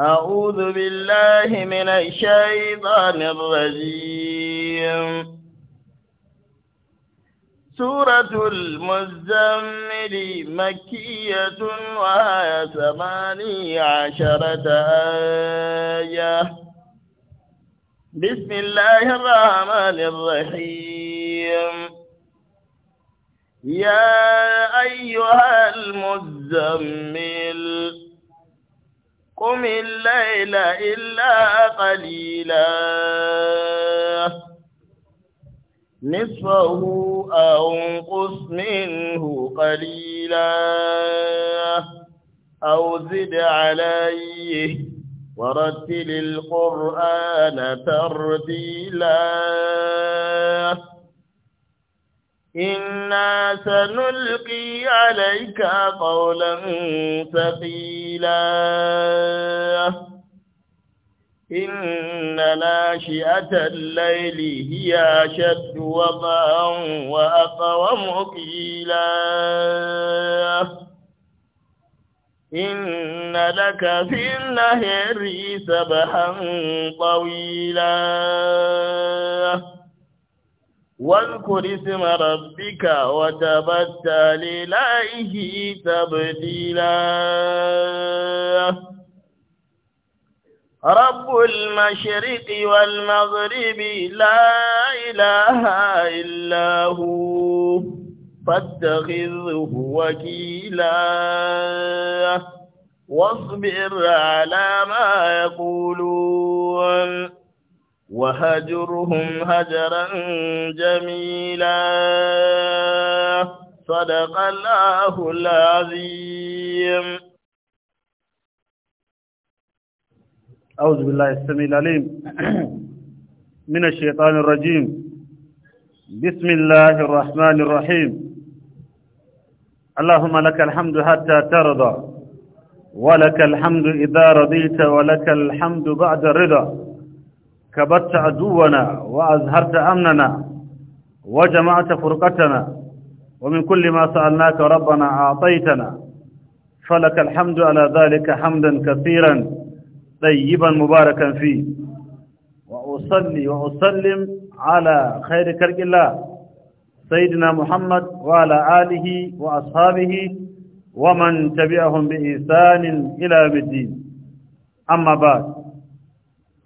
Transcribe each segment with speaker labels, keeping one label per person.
Speaker 1: أعوذ بالله من الشيطان الرجيم سورة المزمل مكية وهي ثماني عشرة آية بسم الله الرحمن الرحيم يا أيها المزمل قم الليل إلا قليلا نصفه أو انقص منه قليلا أو زد عليه ورتل القرآن ترتيلا إنا سنلقي عليك قولا ثقيلا إن ناشئة الليل هي أشد وطئا وأقوم قيلا إن لك في النهر سبحا طويلا واذكر اسم ربك وتبتل إليه تبديلا رب المشرق والمغرب لا إله إلا هو فاتخذه وكيلا واصبر على ما يقولون وهجرهم هجرا جميلا صدق الله العظيم
Speaker 2: أعوذ بالله السميع العليم من الشيطان الرجيم بسم الله الرحمن الرحيم اللهم لك الحمد حتى ترضى ولك الحمد إذا رضيت ولك الحمد بعد الرضا كبت عدونا وأزهرت أمننا وجمعت فرقتنا ومن كل ما سألناك ربنا أعطيتنا فلك الحمد على ذلك حمدا كثيرا طيبا مباركا فيه وأصلي وأسلم على خير كرق الله سيدنا محمد وعلى آله وأصحابه ومن تبعهم بإنسان إلى الدين أما بعد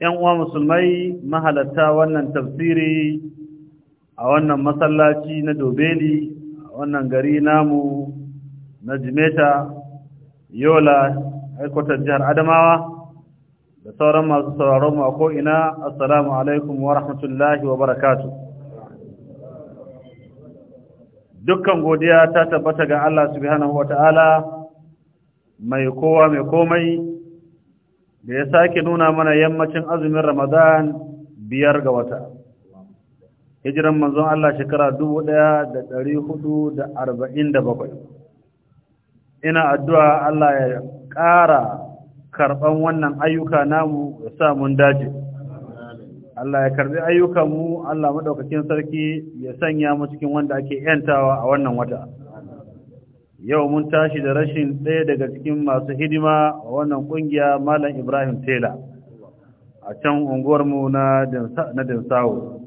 Speaker 2: ‘yan uwa musulmai mahalatta wannan tafsiri a wannan masallaci na dobeli a wannan gari namu na jimeta yola haikwatar jihar adamawa da sauran masu sauraron mu a ko'ina assalamu alaikum wa rahmatullahi wa barakatu dukkan godiya ta tabbata ga Allah subhanahu wa ta'ala mai kowa mai komai da ya sake nuna mana yammacin azumin Ramadan biyar ga wata. Hijiran manzon Allah shekara bakwai. Ina addu'a Allah ya ƙara karɓan wannan ayyuka namu ya sa mun dace. Allah ya karɓi ayyukanmu, Allah maɗaukakin sarki ya sanya mu cikin wanda ake ‘yantawa a wannan wata. yau mun tashi da rashin ɗaya daga cikin masu hidima a wannan ƙungiya Malam Ibrahim Tela a can unguwarmu na Dinsawo.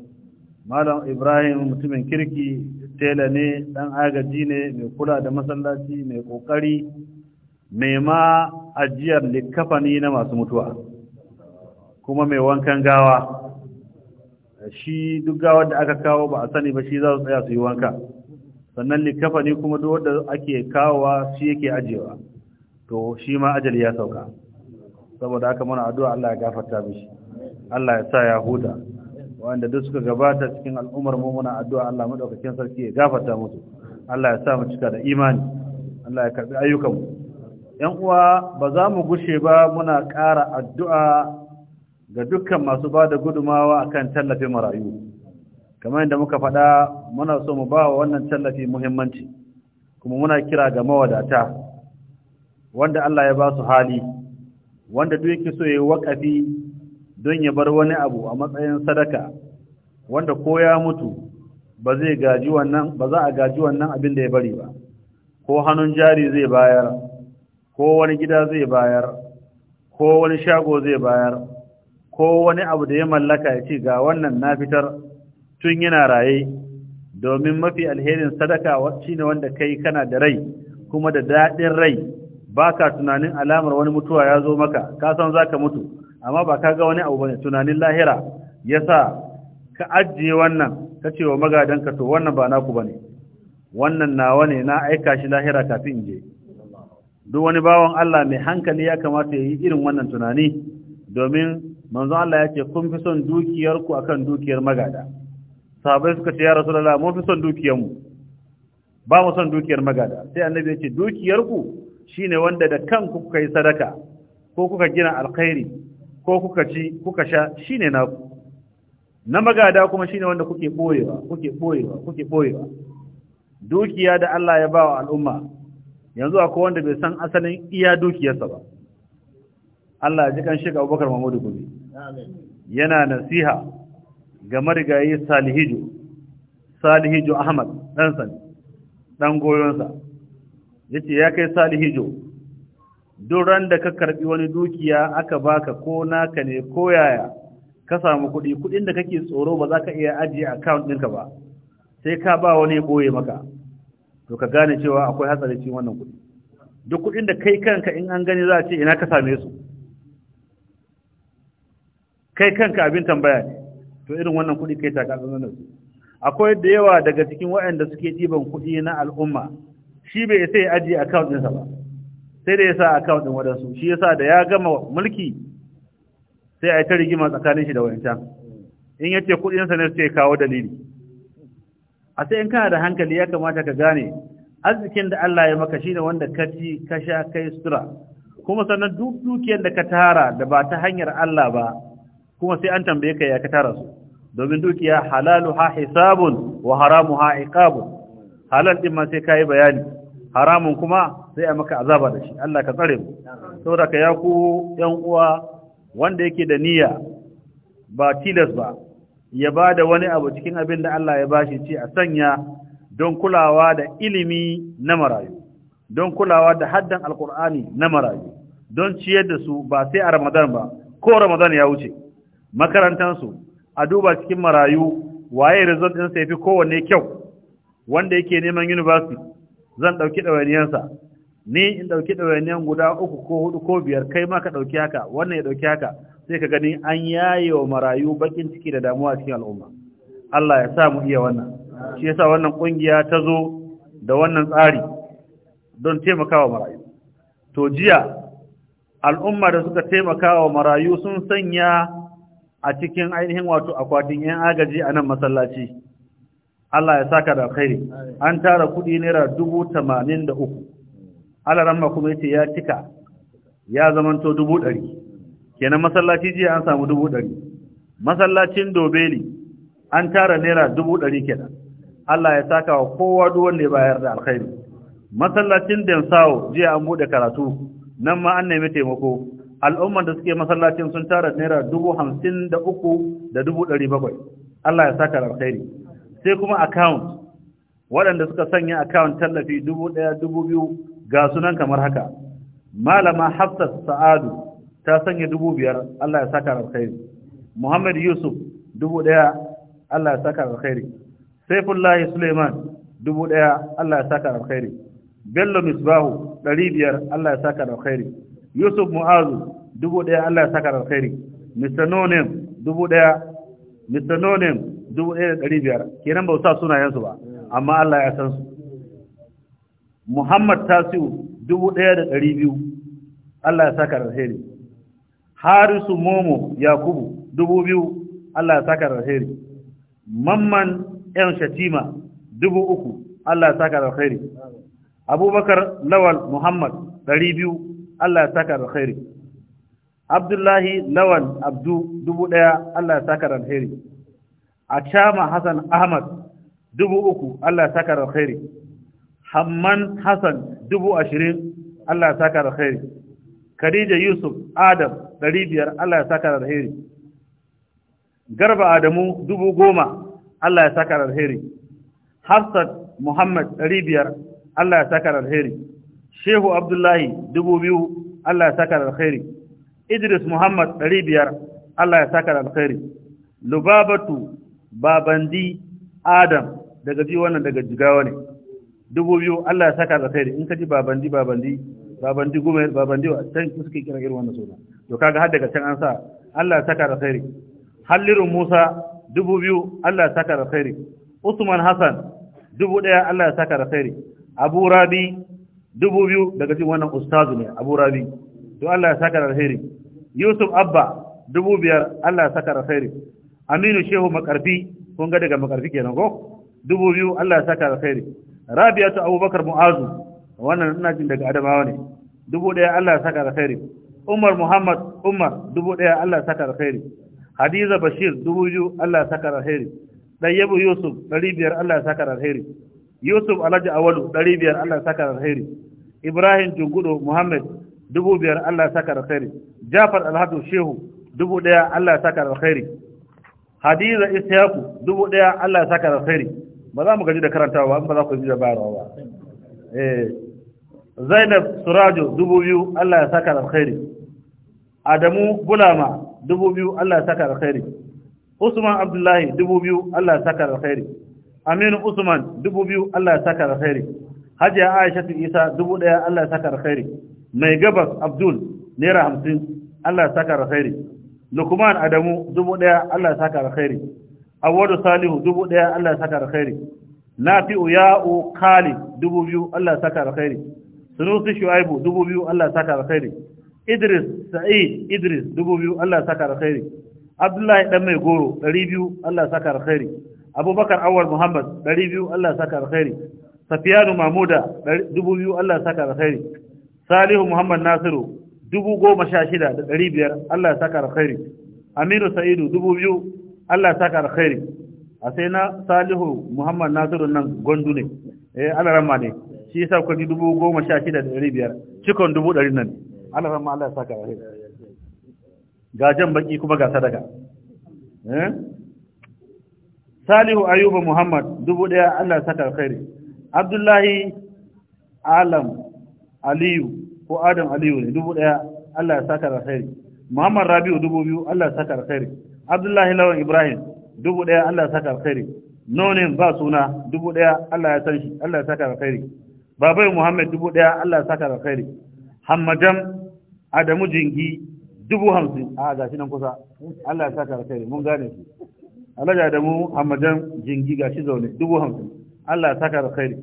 Speaker 2: Malam Ibrahim mutumin kirki Tela ne ɗan agaji ne mai kula da masallaci mai ƙoƙari mai ma ajiyar likafani na masu mutuwa kuma mai wankan gawa shi duk gawar da aka kawo ba a sani ba shi za su tsaya su yi wanka. sannan likafani kuma duk wanda ake kawowa shi yake ajewa to shi ma ajali ya sauka saboda haka muna addu'a Allah ya gafarta mishi Allah ya sa ya huta wanda duk suka gabata cikin al'umar mu muna addu'a Allah madaukakin sarki ya gafarta musu Allah ya sa mu cika da imani Allah ya karbi ayyukan mu yan uwa ba za mu gushe ba muna ƙara addu'a ga dukkan masu bada gudumawa akan tallafin marayu kamar yadda muka faɗa muna so mu ba wa wannan tallafi muhimmanci kuma muna kira ga mawadata wanda Allah ya ba su hali wanda duk yake so ya wakafi don ya bar wani abu a matsayin sadaka wanda ko ya mutu ba zai gaji wannan ba za a gaji wannan abin da ya bari ba ko hannun jari zai bayar ko wani gida zai bayar ko wani shago zai bayar ko wani abu da ya mallaka ya ce ga wannan na fitar tun yana raye domin mafi alherin sadaka wacce ne wanda kai kana da rai kuma da daɗin rai ba ka tunanin alamar wani mutuwa ya zo maka ka san za ka mutu amma ba ka ga wani abu bane tunanin lahira yasa ka ajiye wannan ka ce wa magadanka to wannan ba naku bane wannan nawa ne na aika shi lahira kafin in je duk wani bawan Allah mai hankali ya kamata ya yi irin wannan tunani domin manzo Allah ya ce kun fi son dukiyarku akan dukiyar magada sahabai suka ce ya rasulullah mun fi son dukiyar mu ba mu son dukiyar magada sai annabi ya ce dukiyar ku shine wanda da kanku kuka yi sadaka ko kuka gina alkhairi ko kuka ci kuka sha shine naku na magada kuma shine wanda kuke boyewa kuke boyewa kuke boyewa dukiya da Allah ya bawa al'umma yanzu akwai wanda bai san asalin iya dukiyarsa ba Allah ya ji kan shiga Abubakar Mahmudu gobe yana nasiha ga marigayi salihiju salihiju ahmad ɗansa ɗan goyonsa ya ce ya kai salihijo duk da ka karɓi wani dukiya aka baka ko naka ne ko yaya ka samu kuɗi kuɗin da kake tsoro ba za ka iya ajiye account ɗinka ba sai ka ba wani ɓoye maka to ka gane cewa akwai hatsari cikin wannan kuɗi duk kuɗin da kai kanka in an gani za a ce ina ka same su kai kanka abin tambaya ne to irin wannan kuɗi kai taka tsananin su akwai da yawa daga cikin waɗanda suke ɗiban kuɗi na al'umma shi bai sai ya ajiye account ɗinsa ba sai da ya sa account ɗin waɗansu shi yasa da ya gama mulki sai a yi ta rigima tsakanin shi da wancan in yace kuɗinsa ne sai kawo dalili a sai in kana da hankali ya kamata ka gane arzikin da Allah ya maka shine wanda ka ci ka sha kai sutura kuma sannan duk dukiyar da ka tara da ba ta hanyar Allah ba kuma sai an tambaye ka ya ka tara su domin dukiya halalu ha hisabun wa haramu ha iqabun halal din ma sai kai bayani haramun kuma sai a maka azaba da shi Allah ka tsare mu saboda ka ya ku yan uwa wanda yake da niyya ba tilas ba ya bada wani abu cikin abin da Allah ya bashi ce a sanya don kulawa da ilimi na marayu don kulawa da haddan alkur'ani na marayu don ciyar da su ba sai a ramadan ba ko ramadan ya wuce makarantansu a duba cikin marayu waye result ɗinsa ya fi kowanne kyau wanda yake neman university zan ɗauki ɗawainiyarsa ni in ɗauki ɗawainiyar guda uku ko hudu ko biyar kai ma ka ɗauki haka wannan ya ɗauki haka sai ka gani an yaye wa marayu baƙin ciki da damuwa cikin al'umma Allah ya sa mu iya wannan shi yasa wannan ƙungiya ta zo da wannan tsari don taimakawa marayu to jiya al'umma da suka taimakawa marayu sun sanya a cikin ainihin wato akwatin yan agaji a nan masallaci Allah ya saka da alkhairi. an tara kudi naira dubu tamanin da uku alaramma kuma yace ya cika ya zamanto dubu ɗari kenan masallaci jiya an samu dubu ɗari masallacin dobeli an tara naira dubu ɗari kenan Allah ya saka wa kowa duk wanda ya bayar da alkhairi masallacin densawo jiya an buɗe karatu nan ma an nemi taimako al'umman da suke masallacin sun tara naira dubu hamsin da uku da dubu ɗari bakwai Allah ya saka alkhairi sai kuma account waɗanda suka sanya account tallafi dubu ɗaya dubu biyu ga sunan kamar haka malama hafsat sa'adu ta sanya dubu biyar Allah ya saka alkhairi muhammad yusuf dubu ɗaya Allah ya saka alkhairi saifullahi suleiman dubu ɗaya Allah ya saka alkhairi bello misbahu ɗari biyar Allah ya saka alkhairi Yusuf Mu'azu dubu ɗaya Allah ya saka alkhairi Mr. Nonim dubu ɗaya Mr. Nonim dubu ɗaya da ɗari biyar kenan ba sa sunayensu ba amma Allah ya san su Muhammad Tasiu dubu ɗaya da ɗari biyu Allah ya saka alkhairi Harisu Momo Yakubu dubu biyu Allah ya saka alkhairi Mamman ‘yan Shatima dubu uku Allah ya saka alkhairi Abubakar Lawal Muhammad ɗari biyu Allah ya saka alkhairi Abdullahi Lawan Abdu dubu ɗaya Allah ya saka alkhairi Achama Hassan Ahmad dubu uku Allah ya saka alkhairi Hamman Hassan dubu ashirin Allah ya saka alkhairi Khadija Yusuf Adam ɗari biyar Allah ya saka alkhairi Garba Adamu dubu goma Allah ya saka alkhairi Hafsat Muhammad ɗari biyar Allah ya saka alheri. shehu abdullahi dubu biyu Allah ya saka da alkhairi idris muhammad ɗari biyar Allah ya saka da alkhairi lubabatu babandi adam daga ji wannan daga jigawa ne dubu biyu Allah ya saka da alkhairi in ka ji babandi babandi babandi gume babandi wa can suke kira irin wannan suna to kaga har daga can an sa Allah ya saka da alkhairi hallirun musa dubu biyu Allah ya saka da alkhairi usman Hassan dubu ɗaya Allah ya saka da alkhairi abu rabi dubu biyu daga cikin wannan ustazu ne abu rabi to Allah ya saka alheri yusuf abba dubu biyar Allah ya saka alheri aminu shehu makarfi kun ga daga makarfi kenan ko dubu biyu Allah ya saka alheri rabiatu abubakar mu'azu wannan ina jin daga adamawa ne dubu ɗaya Allah ya saka alheri umar muhammad umar dubu ɗaya Allah ya saka alheri hadiza bashir dubu biyu Allah ya saka alheri ɗayyabu yusuf ɗari biyar Allah ya saka alheri Yusuf Alhaji Awalu ɗari biyar Allah saka alheri Ibrahim Tungudo Muhammad dubu biyar Allah saka alheri Jafar Alhatu Shehu dubu ɗaya Allah saka alheri Hadiza Ishaku dubu ɗaya Allah saka alheri ba za mu gaji da karantawa ba za ku ji da bayarwa ba eh, Zainab Surajo dubu biyu Allah ya saka alheri Adamu Bulama dubu biyu Allah ya saka alheri Usman Abdullahi dubu biyu Allah ya saka alheri Aminu Usman dubu biyu Allah ya saka alkhairi Hajiya Aisha Isa dubu ɗaya Allah ya saka alkhairi Mai Gabas Abdul naira hamsin Allah ya saka alkhairi Lukman Adamu dubu ɗaya Allah ya saka alkhairi Awwadu Salihu dubu ɗaya Allah ya saka alkhairi Nafi'u Ya'u Khalid dubu biyu Allah ya saka alkhairi Sunusi Shu'aibu dubu biyu Allah ya saka alkhairi Idris Sa'id Idris dubu biyu Allah ya saka alkhairi Abdullahi Dan Mai Goro ɗari biyu Allah ya saka alkhairi abubakar awar muhammad 200 Allah saka alkhairi safiyanu dubu biyu. Allah saka alkhairi salihu muhammad nasiru 16500 Allah saka alkhairi aminu sa'idu biyu. Allah saka alkhairi a sai na salihu muhammad nasiru nan gondu ne eh ramma ne shi yasa da ɗari biyar. cikon dubu ɗari nan rama Allah saka alkhairi ga jan baki kuma ga sadaka eh salihu ayuba muhammad dubu ɗaya allah saka alkhairi abdullahi alam aliyu ko adam aliyu ne dubu ɗaya allah saka alkhairi muhammad rabiu dubu biyu allah saka alkhairi abdullahi lawan ibrahim dubu ɗaya allah saka alkhairi nonin ba suna dubu ɗaya allah ya san shi allah saka alkhairi babai muhammad dubu ɗaya allah saka alkhairi Hamadam adamu jingi dubu hamsin a gashi nan kusa allah saka alkhairi mun gane su Allah da mu hamadan jingi gashi zaune dubu hamsin Allah ya saka da khairi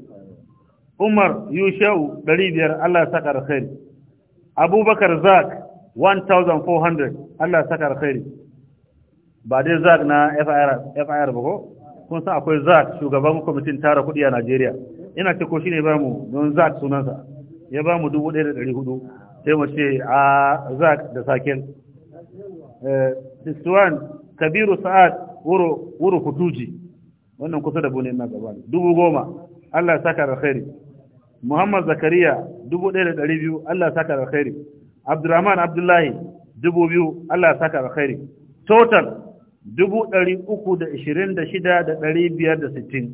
Speaker 2: Umar Yushau ɗari biyar Allah ya saka da khairi Abubakar Zak 1400 Allah ya saka da khairi ba dai Zak na FIR FIR ba ko kun san akwai Zak shugaban kwamitin tara kuɗi a Najeriya ina ce ko shine ba mu don Zak sunansa ya ba mu 1400 sai mu ce a Zak da sakin eh 61 Kabiru Sa'ad wuro ku tuji wannan kusa da bune na gaba dubu goma Allah saka da khairi Muhammad Zakariya dubu ɗaya da ɗari biyu Allah saka da khairi Abdurrahman Abdullahi dubu biyu Allah saka da khairi total dubu ɗari uku da ishirin da shida da ɗari biyar da sittin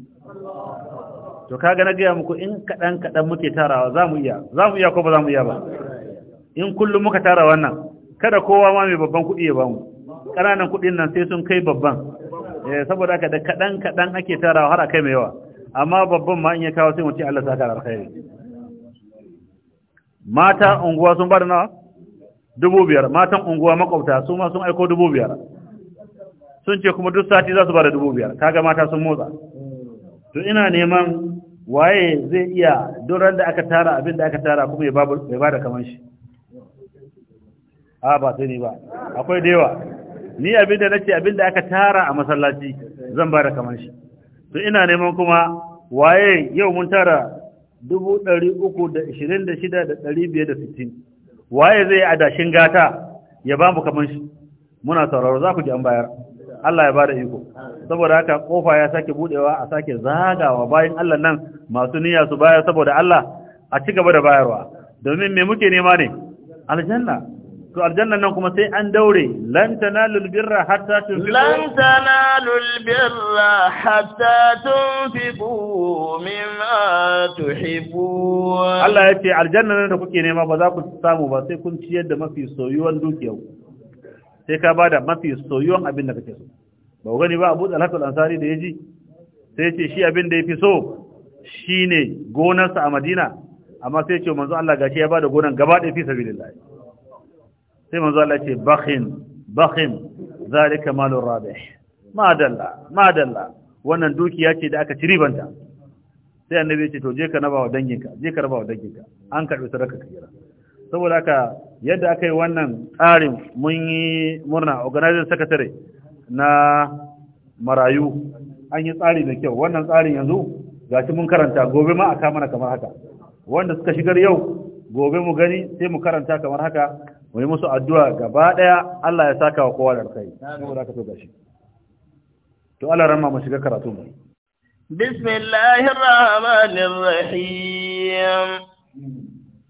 Speaker 2: to kaga na gaya muku in kaɗan kaɗan muke tarawa za mu iya za mu iya ko ba za mu iya ba in kullum muka tara wannan kada kowa ma mai babban kuɗi ya bamu ƙananan kuɗin nan sai sun kai babban eh, saboda aka da kaɗan kaɗan ake tarawa har a kai mai yawa amma babban ma in ya kawo sai mutum Allah saka alkhairi mata unguwa sun bada nawa dubu biyar matan unguwa makwabta su ma sun aiko dubu biyar sun ce kuma duk sati za su bada dubu biyar kaga mata sun motsa to ina neman waye zai iya duran da aka tara abin da aka tara kuma ya bada kamar shi a ba sai ni ba akwai da yawa ni abin abinda nace da aka tara a masallaci zan ba da kamar shi to ina neman kuma waye yau mun tara 326,560 waye zai adashin gata ya ba mu kamar shi muna sauraro za ku ji an bayar Allah ya bada iko saboda haka kofa ya sake budewa a sake zagawa bayan Allah nan masu niyya su bayar saboda Allah a ci gaba da bayarwa domin me muke nema ne aljanna to aljanna nan kuma sai an daure lan tanalul birra hatta tunfiqu lan
Speaker 1: tanalul birra hatta tunfiqu mimma tuhibbun Allah ya
Speaker 2: ce aljanna nan da kuke nema ba za ku samu ba sai kun ciyar da mafi soyuwan dukiyar sai ka bada mafi soyuwan abin da kake so ba gani ba Abu Talha al-Ansari da yaji sai yace ce shi abin da yafi so shine gonarsa a Madina amma sai yace ce manzo Allah gashi ya bada gonar gaba ɗaya fi sabilillah sai manzo Allah ce bakhin bakhin zalika malur rabih ma dalla wannan dukiya ce da aka ci ribanta sai annabi ce to je ka raba wa danginka je ka raba wa danginka an karbi sadaka kira saboda haka yadda aka yi wannan tsarin mun yi murna organizing secretary na marayu an yi tsari da kyau wannan tsarin yanzu gashi mun karanta gobe ma a kamana kamar haka wanda suka shigar yau gobe mu gani sai mu karanta kamar haka mu yi musu addu'a gaba ɗaya Allah ya saka wa kowa da alkhairi saboda ka so gashi to Allah ranma mu shiga karatu mu
Speaker 1: bismillahir rahmanir rahim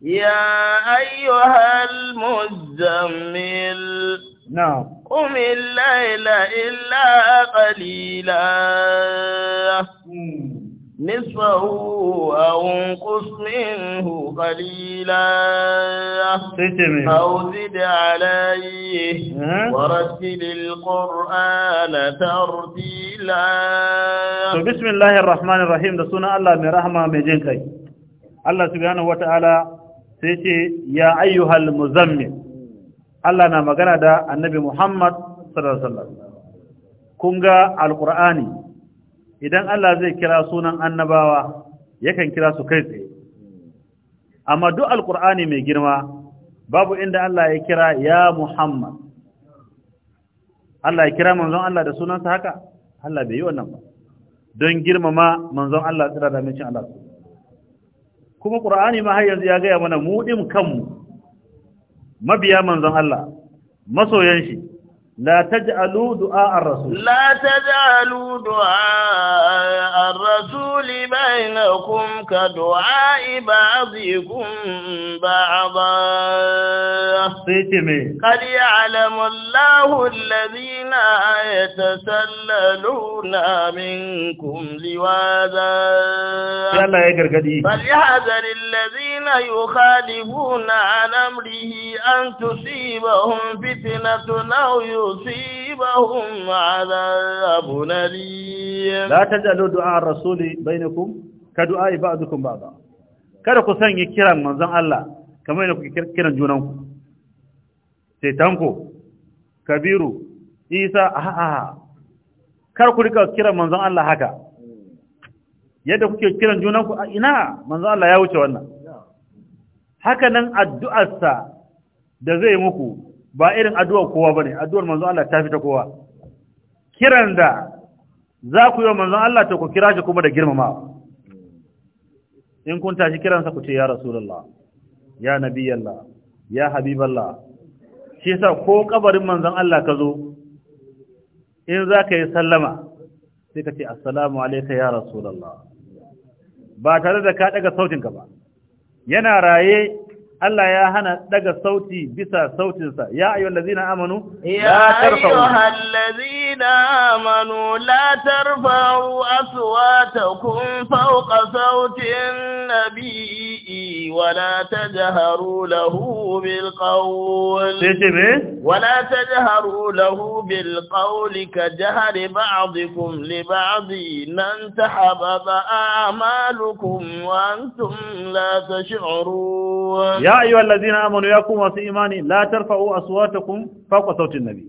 Speaker 1: ya ayyuhal muzammil Na. qum al-layla illa qalila نصفه أو انقص منه قليلا أو زد عليه
Speaker 2: ورتل القرآن
Speaker 1: ترتيلا
Speaker 2: بسم الله الرحمن الرحيم da sunan Allah mai rahama mai jin kai Allah subhanahu wataala sai ce ya ayyuhal muzammil Allah na magana da annabi Muhammad sallallahu alaihi wasallam kun ga alqur'ani idan Allah zai kira sunan annabawa yakan kira su kai tsaye amma duk alkur'ani mai girma babu inda Allah ya kira ya Muhammad Allah ya kira manzon Allah da sunansa haka Allah bai yi wannan ba don girmama manzon Allah tsira da mincin Allah kuma Qur'ani ma har yanzu ya gaya mana mu din kanmu mabiya manzon Allah masoyan shi لا تجعلوا دعاء الرسول
Speaker 1: لا تجعلوا دعاء الرسول بينكم كدعاء بعضكم بعضا قد يعلم الله الذين يتسللون منكم لواذا
Speaker 2: فليحذر
Speaker 1: الذين يخالفون عن أمره أن تصيبهم فتنة أو يصيبهم عذاب أليم لا
Speaker 2: تجعلوا دعاء الرسول بينكم كدعاء بعضكم بعضا kada ku sanya kiran manzon Allah kamar yadda kuke kiran junanku sai tanko kabiru isa a'a kar ku rika kiran manzon Allah haka
Speaker 1: yadda kuke kiran junanku a ina manzon Allah ya wuce wannan
Speaker 2: haka nan addu'arsa da zai muku ba irin addu'ar kowa bane addu'ar manzon Allah ta fita kowa kiran da za ku yi manzon Allah ta ku kira shi kuma da girmama in kun tashi kiransa ku ce ya rasulullah ya nabiyallah ya habiballah shi sa ko kabarin manzon Allah ka zo in za ka yi sallama sai ka ce assalamu alayka ya rasulullah ba tare da ka daga sautinka ba yana raye Allah ya hana daga sauti bisa sautinsa ya ayyuhal ladzina amanu la tarfa'u ya ayyuhal ladzina amanu la tarfa'u
Speaker 1: aswatakum fawqa sautin nabii wa la tajharu lahu bil qawl wa la tajharu lahu bil qawli ka jahri ba'dikum li ba'din an tahabba a'malukum wa antum la tash'urun ya ayyuhal ladina
Speaker 2: amanu ya ku imani la tarfa'u aswatakum fawqa sautin nabi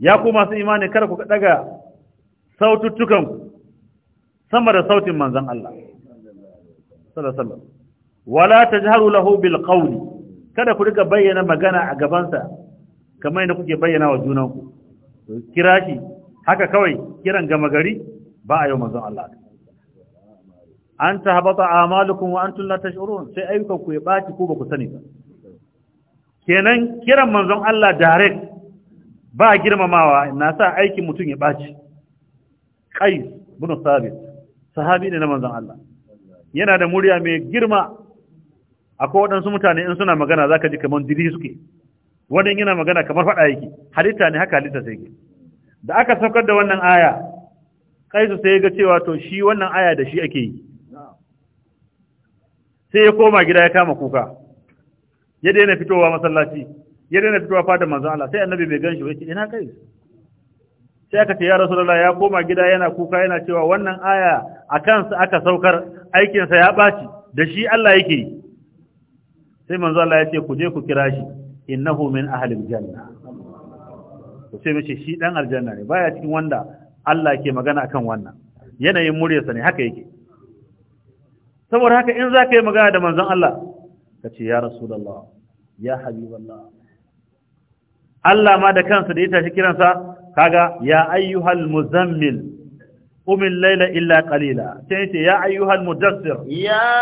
Speaker 2: ya kuma masu imani kada ku daga saututtukan sama da sautin manzon Allah sallallahu alaihi wasallam wala tajharu lahu bil qawli kada ku riga bayyana magana a gabansa kamar yadda kuke bayyana wa junanku kira shi haka kawai kiran gama gari ba a yau manzon Allah an ta habata amalukum wa antum la tash'urun sai ayyukan ku ya baci ko ba ku sani ba kenan kiran manzon Allah direct ba girmamawa na sa aikin mutum ya baci qais ibn sabit sahabi ne na manzon Allah yana da murya mai girma akwai waɗansu mutane in suna magana zaka ji kamar diri suke wannan yana magana kamar faɗa yake halitta ne haka halitta sai da aka saukar da wannan aya su sai ga cewa to shi wannan aya da shi ake yi sai ya koma gida ya kama kuka ya daina fitowa masallaci ya daina fitowa fadar manzon Allah sai annabi bai gan shi ba ce ina kai sai aka ce ya rasulullah ya koma gida yana kuka yana cewa wannan aya a kansa aka saukar aikinsa ya ɓaci da shi Allah yake yi sai manzo Allah ya ce ku je ku kira shi innahu min ahlil janna to sai mace shi dan aljanna ne baya cikin wanda Allah ke magana akan wannan yanayin muryarsa ne haka yake saboda haka in za ka yi magana da manzon Allah ka ce ya rasulallah ya habiballah Allah ma da kansa da ya tashi kiransa kaga ya ayyuhal muzammil قم الليل إلا قليلا تنتي يا أيها المدثر يا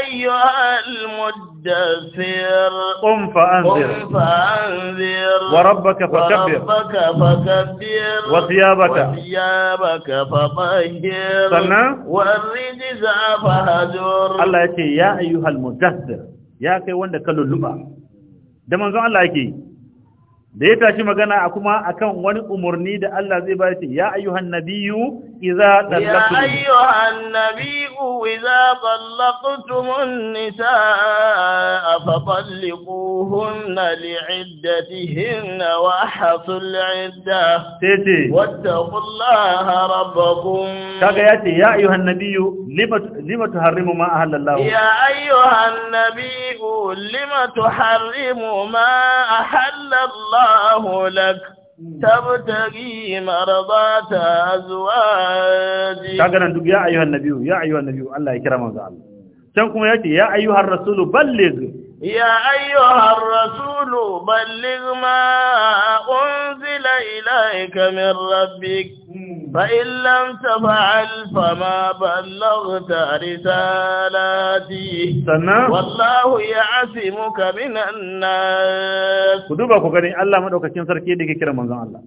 Speaker 2: أيها المدثر قم فأنذر قم فأنذر وربك فكبر وربك فكبر وثيابك وثيابك فطهر سنة والرجز فهجر الله يتي يا أيها المدثر يا كي وند كل اللبع ده منزو الله يكي da ya tashi magana a kuma akan wani umarni da Allah zai ba ya ayyuhan nabiyyu إذا طلقتم يا أيها
Speaker 1: النبي إذا طلقتم النساء فطلقوهن لعدتهن وأحصوا العدة واتقوا الله ربكم
Speaker 2: يا أيها النبي لم تحرم ما أهل الله يا
Speaker 1: أيها النبي لم تحرم ما أحل الله لك tabtagi marzata azwaji
Speaker 2: kaga nan duk ya ayyuhan nabiyyu ya ayyuhan nabiyyu Allah ya kira manzo Allah can kuma yace ya ayyuhar rasulu balligh
Speaker 1: يا أيها الرسول بلغ ما أنزل إليك من ربك فإن لم تفعل فما بلغت رسالاتي
Speaker 2: والله يعصمك من الناس كدوبا كوكري الله مدوكا كنسر ديكي كرم منزان الله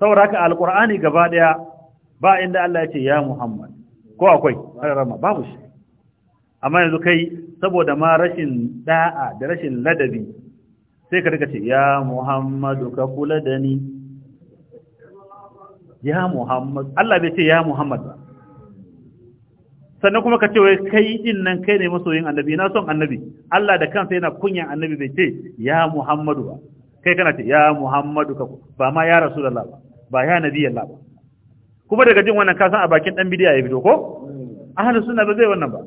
Speaker 2: سوراك القرآن قبادة با عند الله يا محمد كوا كوي a rama babu amma yanzu kai saboda ma rashin da'a da rashin ladabi sai ka rika ce ya muhammadu ka kula da ni ya muhammadu Allah bai ce ya muhammadu ba sannan kuma ka ce wai kai din nan kai ne masoyin annabi na son annabi Allah da kansa yana kunyan annabi bai ce ya muhammadu ba kai kana ce ya muhammadu ka ba ma ya rasulullah ba ba ya nabi Allah ba kuma daga jin wannan kasan a bakin dan bidiya ya fito ko ahlus sunna ba zai wannan ba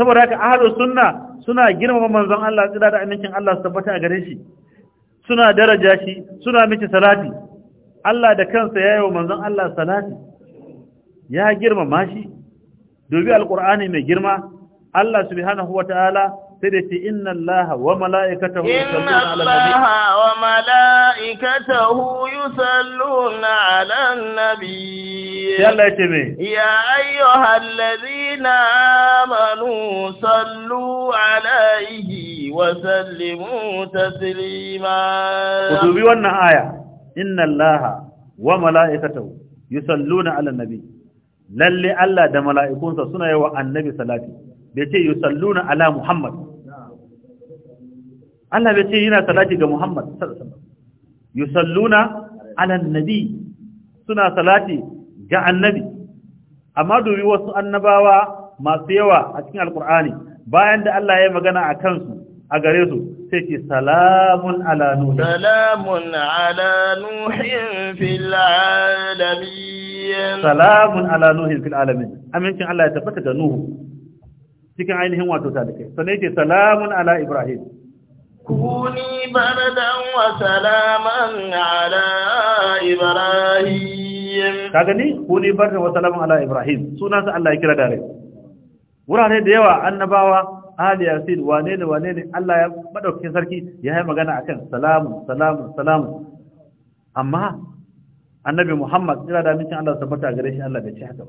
Speaker 2: saboda haka ahlu sunna suna girmama manzon Allah tsira da amincin Allah su tabbata a gare shi suna daraja shi suna miki salati Allah da kansa yayi wa manzon Allah salati ya girmama shi dubi alqur'ani mai girma Allah subhanahu ta'ala sai da ce inna Allah wa mala'ikatahu
Speaker 1: yusalluna nabi sai ce me ya ayyuhal ladina amanu sallu alaihi wa sallimu taslima ku dubi wannan
Speaker 2: aya inna allaha wa mala'ikatahu yusalluna ala nabi lalle Allah da mala'ikunsa suna yawa annabi salati bai ce yusalluna ala muhammad Allah bai ce yana salati ga muhammad sallallahu salluna wasallam suna salati ga annabi amma dubi wasu annabawa masu yawa a cikin alkur'ani bayan da Allah ya yi magana a kansu a gare su sai ce salamun ala nuhin
Speaker 1: salamun ala nuhin fil alamin salamun
Speaker 2: ala nuhin fil alamin amincin Allah ya tabbata ga nuhu cikin ainihin wato talikai sannan ce salamun ala ibrahim
Speaker 1: kuni bardan wa salaman ala ibrahim ka
Speaker 2: gani huni barka wa salamu ala ibrahim sa Allah ya kira dare. wurare da yawa annabawa ali yasin wane ne wane ne Allah ya madaukakin sarki ya yi magana akan Salamu Salamu Salamu. amma annabi Muhammad kira da mincin Allah tabbata gare shi Allah bai ce haka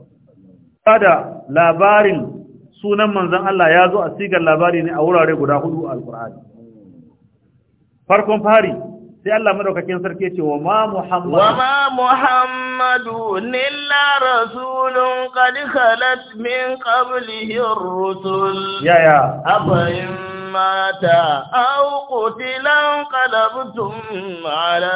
Speaker 2: ba da labarin sunan manzon Allah ya zo a sigar labari ne a wurare guda hudu a Alkur'ani farkon fari sai Allah madaukakin sarki ce wa ma Muhammadu wa
Speaker 1: ma Muhammadu illa rasulun qad khalat min qablihi ar-rusul ya ya abayin. مات أو قتلا قلبتم على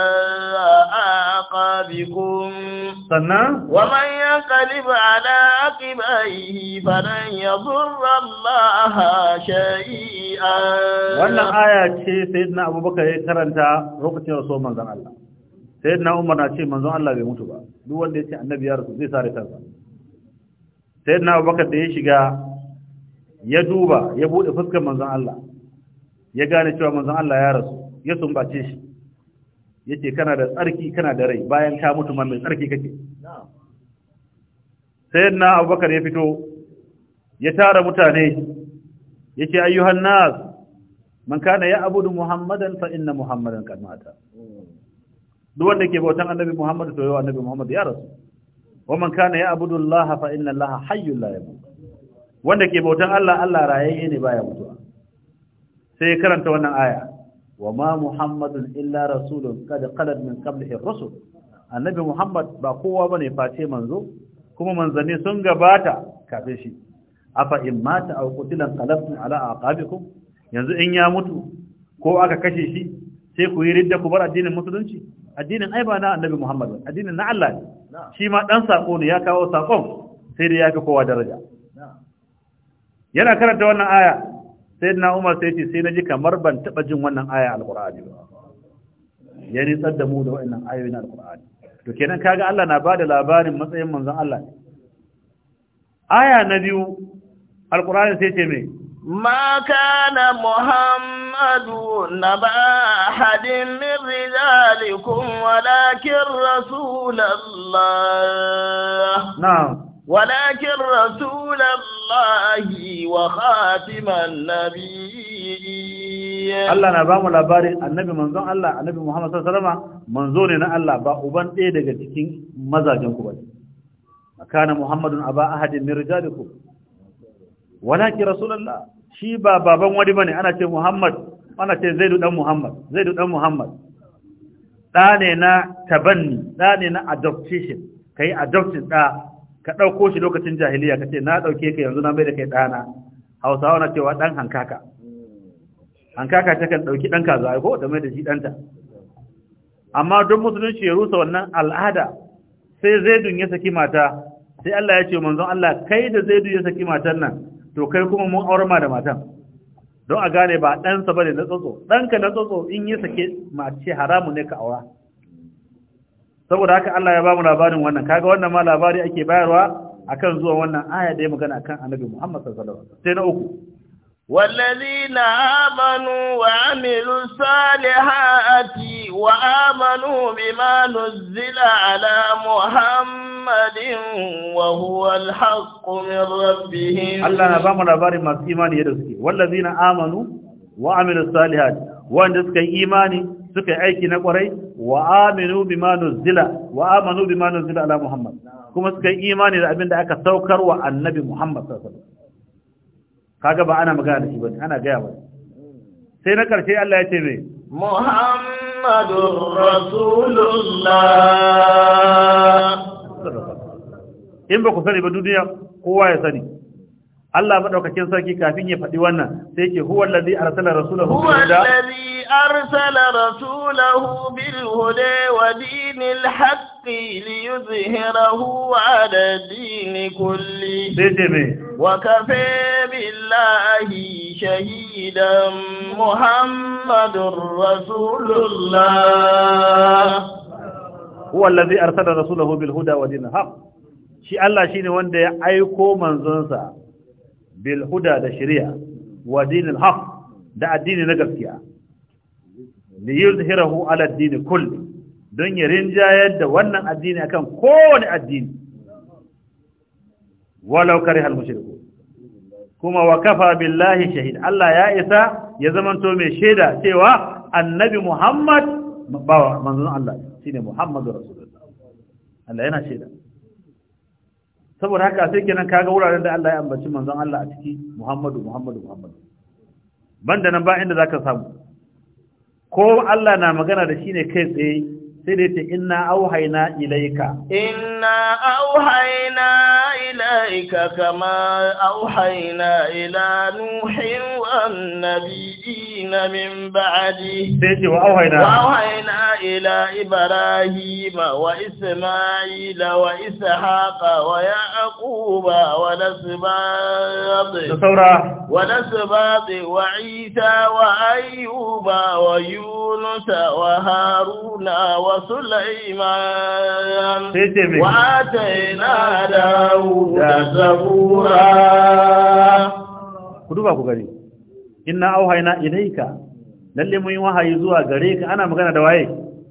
Speaker 1: صنع ومن يقلب على عقبيه فلن يضر الله شيئا wannan aya
Speaker 2: ce sayyidina abubakar ya karanta lokacin rasuwar ذن Allah sayyidina umar na ce manzon Allah bai mutu ba duk wanda ya ce annabi ya rasu zai sare kansa sayyidina abubakar da ya shiga ya duba ya bude fuskar manzon Allah ya gane cewa manzon Allah ya rasu ya sumbace shi yace kana da tsarki kana da rai bayan ka mutu ma mai tsarki kake sayyidina Abubakar ya fito ya tara mutane yace ayyuhan nas man kana ya abudu muhammadan fa inna muhammadan kad mata duk wanda ke bautan annabi muhammad to yau annabi muhammad ya rasu wa man kana ya abudu allah fa inna allah hayyul la yamut wanda ke bautan Allah Allah rayayye ne baya mutuwa sai ya karanta wannan aya wa ma muhammadun illa rasulun kad qalad min qablihi rusul annabi muhammad ba kowa bane face manzo kuma manzane sun gabata kafin shi afa in mata aw qutila qalaftum ala aqabikum yanzu in ya mutu ko aka kashe shi sai ku yi ridda ku bar addinin musulunci addinin ai ba na annabi muhammad addinin na Allah ne shi ma dan sako ne ya kawo sakon sai da ya fi kowa daraja yana karanta wannan aya sai na umar sai ce sai na ji kamar ban taɓa jin wannan aya alƙur'ani ba ya nitsar da mu da waɗannan ayoyi na alƙur'ani to kenan kaga Allah na bada labarin matsayin manzon Allah aya na biyu alƙur'ani sai ce me
Speaker 1: ma kana muhammadu naba hadin min rijalikum walakin rasulallah na'am ولكن رسول الله وخاتم النبي الله na bamu
Speaker 2: labarin annabi manzon Allah annabi Muhammad sallallahu alaihi wasallam manzo ne na Allah ba uban ɗaya daga cikin mazajen ku bane kana Muhammadun aba ahadin min rijalikum walakin rasulullah shi ba baban wani bane ana ce Muhammad ana ce Zaidu dan Muhammad Zaidu dan Muhammad da ne na tabanni da ne na adoption kai adoption da ka ɗauko shi lokacin jahiliya ka ce na ɗauke ka yanzu na mai da kai ɗana hausawa na cewa ɗan hankaka hankaka ta kan ɗauki ɗan kaza ko da mai da shi ɗanta amma don musulunci ya rusa wannan al'ada sai zaidun ya saki mata sai Allah ya ce manzon Allah kai da zaidu ya saki matan nan to kai kuma mun aure ma da matan don a gane ba ɗansa bane na tsotso ɗanka na tsotso in ya sake mace haramu ne ka aura saboda haka Allah ya bamu labarin wannan kaga wannan ma labari ake bayarwa akan zuwa wannan aya da ya magana akan Annabi Muhammad sallallahu alaihi wasallam sai na uku
Speaker 1: والذين آمنوا وعملوا الصالحات وآمنوا بما نزل على محمد وهو الحق من ربهم الله نبام
Speaker 2: الأبار ما في إيمان يدسكي والذين آمنوا وعملوا الصالحات وأن إيماني suka yi aiki na kwarai wa aminu bima nuzila wa amanu bima nuzila ala muhammad kuma suka yi imani da abin da aka saukar wa annabi muhammad sallallahu alaihi kaga ba ana magana da shi bane ana gaya ba. sai na karshe Allah ya ce me
Speaker 1: muhammadur
Speaker 2: rasulullah in ba ku sani ba duniya kowa ya sani Allah madaukakin sarki kafin ya faɗi wannan sai yake huwallazi arsala rasulahu huwallazi
Speaker 1: أرسل رسوله بالهدى ودين الحق ليظهره على الدين كله وكفى بالله شهيدا محمد رسول
Speaker 2: الله هو الذي أرسل رسوله بالهدى ودين الحق شي الله شيني وندي أيكو منزنسا بالهدى دا شريعة ودين الحق da addini na gaskiya li yuzhirahu ala ad kulli don ya rinjayar da wannan addini akan kowane addini walau karihal mushriku kuma wa kafa billahi shahid Allah ya isa ya zamanto mai shaida cewa annabi Muhammad bawa manzon Allah shine Muhammadu Rasulullah Allah yana shaida saboda haka sai kenan kaga wuraren da Allah ya ambaci manzon Allah a ciki Muhammadu Muhammadu Muhammadu banda nan ba inda zaka samu ko Allah na magana da shi ne kai tsaye sai dai ta inna auhaina ilaika
Speaker 1: inna auhaina ilaika kama auhaina ila nuhin wannan nabiyyi الذين من بعده وأوهينا, وأوهينا إلى إبراهيم وإسماعيل وإسحاق ويعقوب ولسباط ولسباط وعيسى وأيوب ويونس وهارون وسليمان وآتينا داود زبورا
Speaker 2: ku duba ku gani inna auhayna ilayka lalle mun yi wahayi zuwa gare ka ana magana da waye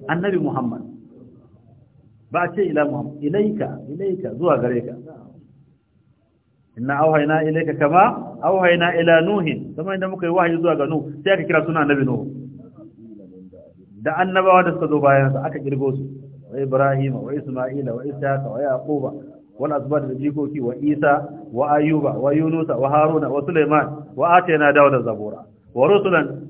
Speaker 2: annabi muhammad ba ce ila muhammad ilayka ilayka zuwa gare ka inna auhayna ilayka kama auhayna ila nuhin kuma inda muka yi wahayi zuwa ga nuh sai aka kira suna annabi nuh da annabawa da suka zo bayan sa aka kirgo su wa ibrahima wa isma'ila wa ishaqa wa yaquba Wani asbat da jikoki wa isa wa ayuba wa yunusa wa haruna wa suleiman wa dawo da zabura wa rusulan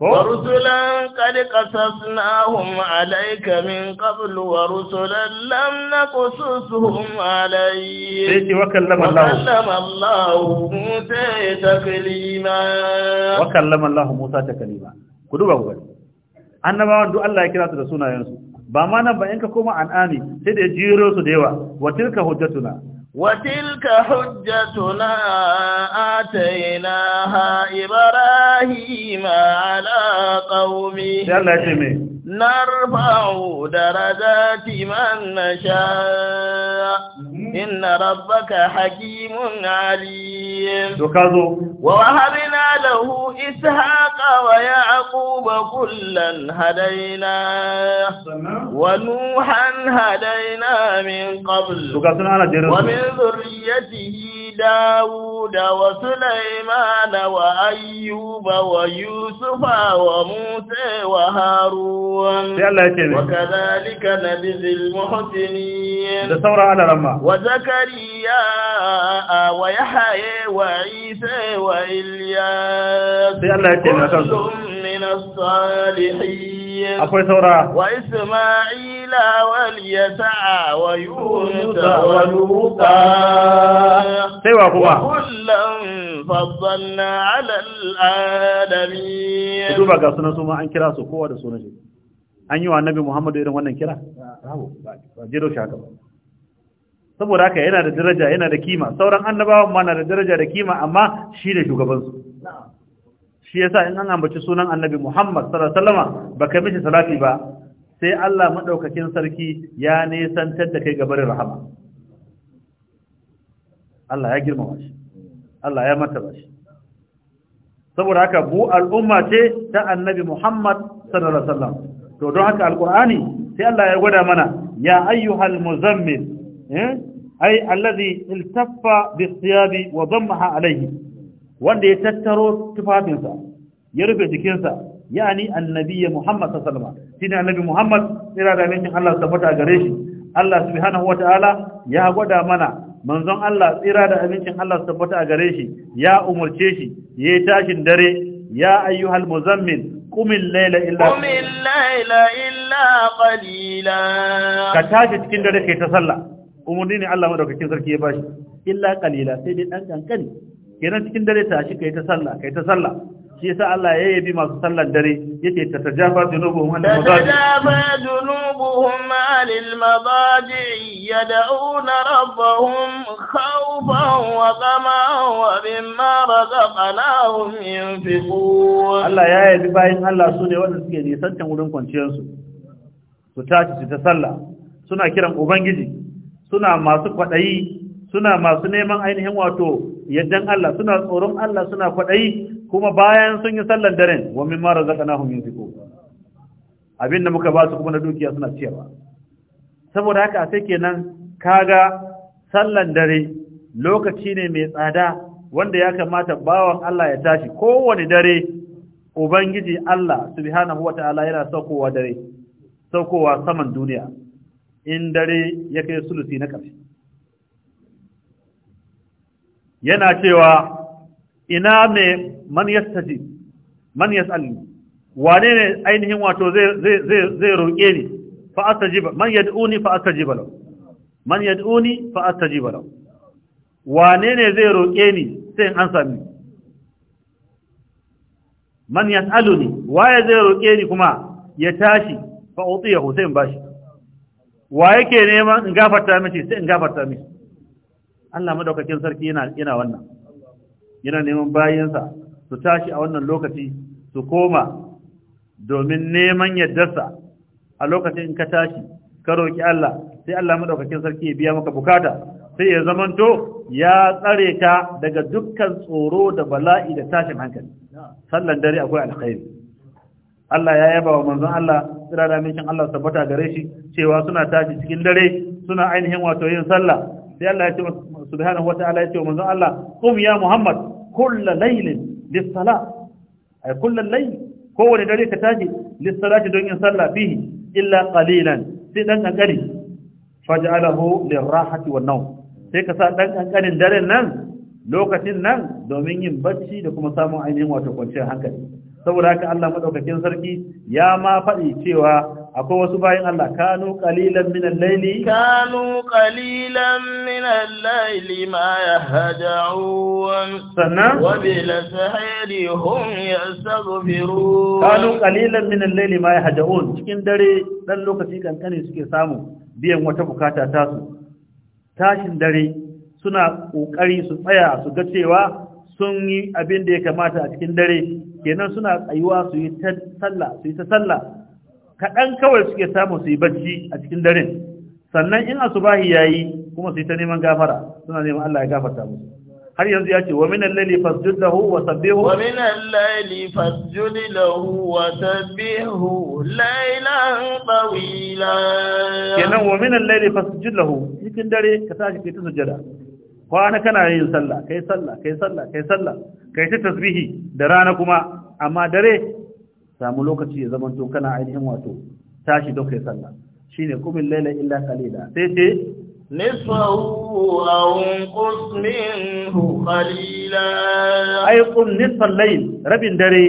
Speaker 1: ورسلا قد قصصناهم عليك من قبل ورسلا لم نقصصهم عليك وكلم الله موسى
Speaker 2: تكليما وكلم الله موسى ku duba ku gani annabawan Allah ya kira su da sunayensu ba ma nan ba in ka koma an'ami sai da jiro su da yawa wa tilka hujjatuna
Speaker 1: wa tilka hujjatuna atainaha ibrahima ala qaumi ya Allah ce me narfa'u darajati man nasha mm-hmm. inna rabbaka hakimun alim dokazo wa wahabna lahu ishaqa wa yaquba kullan hadaina wa nuhan hadaina min qabl داود وسليمان وأيوب ويوسف وموسى وهارون وكذلك نجزي المحسنين وزكريا ويحيى وعيسى وإلياس كل من الصالحين akwai saura wa isma'ila wal yasa wa yunus wa luqa sai wa kuma kullan faddalna ala alamin duba ga sunan
Speaker 2: su ma an kira su kowa da sunan shi an yi wa annabi muhammadu irin wannan kira bravo ba jiro shi saboda haka yana da daraja yana da kima sauran annabawan ma na da daraja da kima amma shi ne shugabansu shi yasa in an ambaci sunan annabi Muhammad sallallahu alaihi wasallama baka mishi salati ba sai Allah madaukakin sarki ya nesantar da kai ga barin rahama Allah ya girmama shi Allah ya mata shi saboda haka bu al'umma ce ta annabi Muhammad sallallahu alaihi wasallam to don haka alqur'ani sai Allah ya gwada mana ya ayyuhal muzammil eh ay allazi iltaffa bi thiyabi wa dhammaha alayhi wanda ya tattaro tufafinsa ya rufe jikinsa yani annabi Muhammad sallallahu alaihi wasallam shine annabi Muhammad tsira da mincin Allah tabbata gare shi Allah subhanahu wataala ya gwada mana manzon Allah tsira da amincin Allah tabbata gare shi ya umurce shi yayi tashin dare ya ayyuhal muzammil qumil layla illa qumil
Speaker 1: layla illa qalila ka tashi
Speaker 2: cikin dare kai ta sallah umurni ne Allah madaukakin sarki ya bashi illa qalila sai dai dan kankani kenan cikin dare tashi kai ta sallah kai ta sallah shi yasa Allah ya yabi masu sallar dare yace ta tajafa junubuhum an madaji tajafa junubuhum lil madaji yad'una
Speaker 1: rabbahum khawfan wa qama'an wa bimma razaqnahum yunfiqun Allah ya yabi
Speaker 2: bayin Allah su ne wanda suke nisantan wurin kwanciyar su su tashi su ta sallah suna kiran ubangiji suna masu kwadayi suna masu neman ainihin wato yaddan Allah suna tsoron Allah suna kwaɗayi kuma bayan sun yi sallan daren wa min ma razaqnahum na abin da muka ba su kuma na dukiya suna ciyarwa saboda haka sai kenan kaga sallan dare lokaci ne mai tsada wanda ya kamata bawan Allah ya tashi kowane dare ubangiji Allah subhanahu wata'ala yana saukowa dare saukowa saman duniya in dare ya kai sulusi na ƙarshe yana cewa ina me man yastaji man yas'alni wane ne ainihin wato zai zai zai roƙe ni fa astajiba man yad'uni fa astajiba lahu man yad'uni fa astajiba lahu wane ne zai roƙe ni sai in ansa ni man yas'aluni waye zai roƙe ni kuma ya tashi fa utiyahu sai in bashi wa yake neman in gafarta miki sai in gafarta miki Allah madaukakin sarki yana yana wannan yana neman bayansa su tashi a wannan lokaci su koma domin neman yaddarsa a lokacin in ka tashi ka roki Allah sai Allah madaukakin sarki ya biya maka bukata sai ya zamanto ya tsare ka daga dukkan tsoro da bala'i da tashin hankali sallan dare akwai alkhairi Allah ya yaba wa manzon Allah da mikin Allah tabbata gare shi cewa suna tashi cikin dare suna ainihin wato yin sallah sai Allah ya ce subhanahu wata'ala ya ce manzo Allah qum ya Muhammad kullu laylin lis-salat ay kullu layl wani dare ka tashi lis don yin sallah fihi illa qalilan sai dan kankani faj'alahu lir-rahati wan-nawm sai ka sa dan kankanin daren nan lokacin nan domin yin bacci da kuma samun ainihin wato kwanciyar hankali saboda haka Allah madaukakin sarki ya ma faɗi cewa akwai wasu bayin Allah kanu qalilan min al-layli kanu
Speaker 1: qalilan min al-layli ma yahja'un sannan wa bil sahri hum yastaghfirun kanu qalilan
Speaker 2: min al-layli ma yahja'un cikin dare dan lokaci kankane suke samu biyan wata bukata tasu tashin dare suna kokari su tsaya su ga cewa sun yi abin da ya kamata a cikin dare kenan suna tsayuwa su yi ta sallah su yi ta sallah kaɗan kawai suke samun su yi bacci a cikin daren sannan in asubahi yayi kuma su yi ta neman gafara suna neman Allah ya gafarta musu har yanzu ya ce wa minan laili fasjud lahu wa sabbihu wa
Speaker 1: minan laili fasjud lahu wa sabbihu lailan tawila kenan wa
Speaker 2: minan laili fasjud lahu cikin dare ka tashi kai ta jada." kwana kana yin sallah kai sallah kai sallah kai sallah kai ta tasbihi da rana kuma amma dare samu lokaci ya zama to kana ainihin wato tashi da kai sallah shine kumil laila illa qalila sai ce
Speaker 1: nisfahu aw qus minhu
Speaker 2: qalila ay qul nisfal layl rabin dare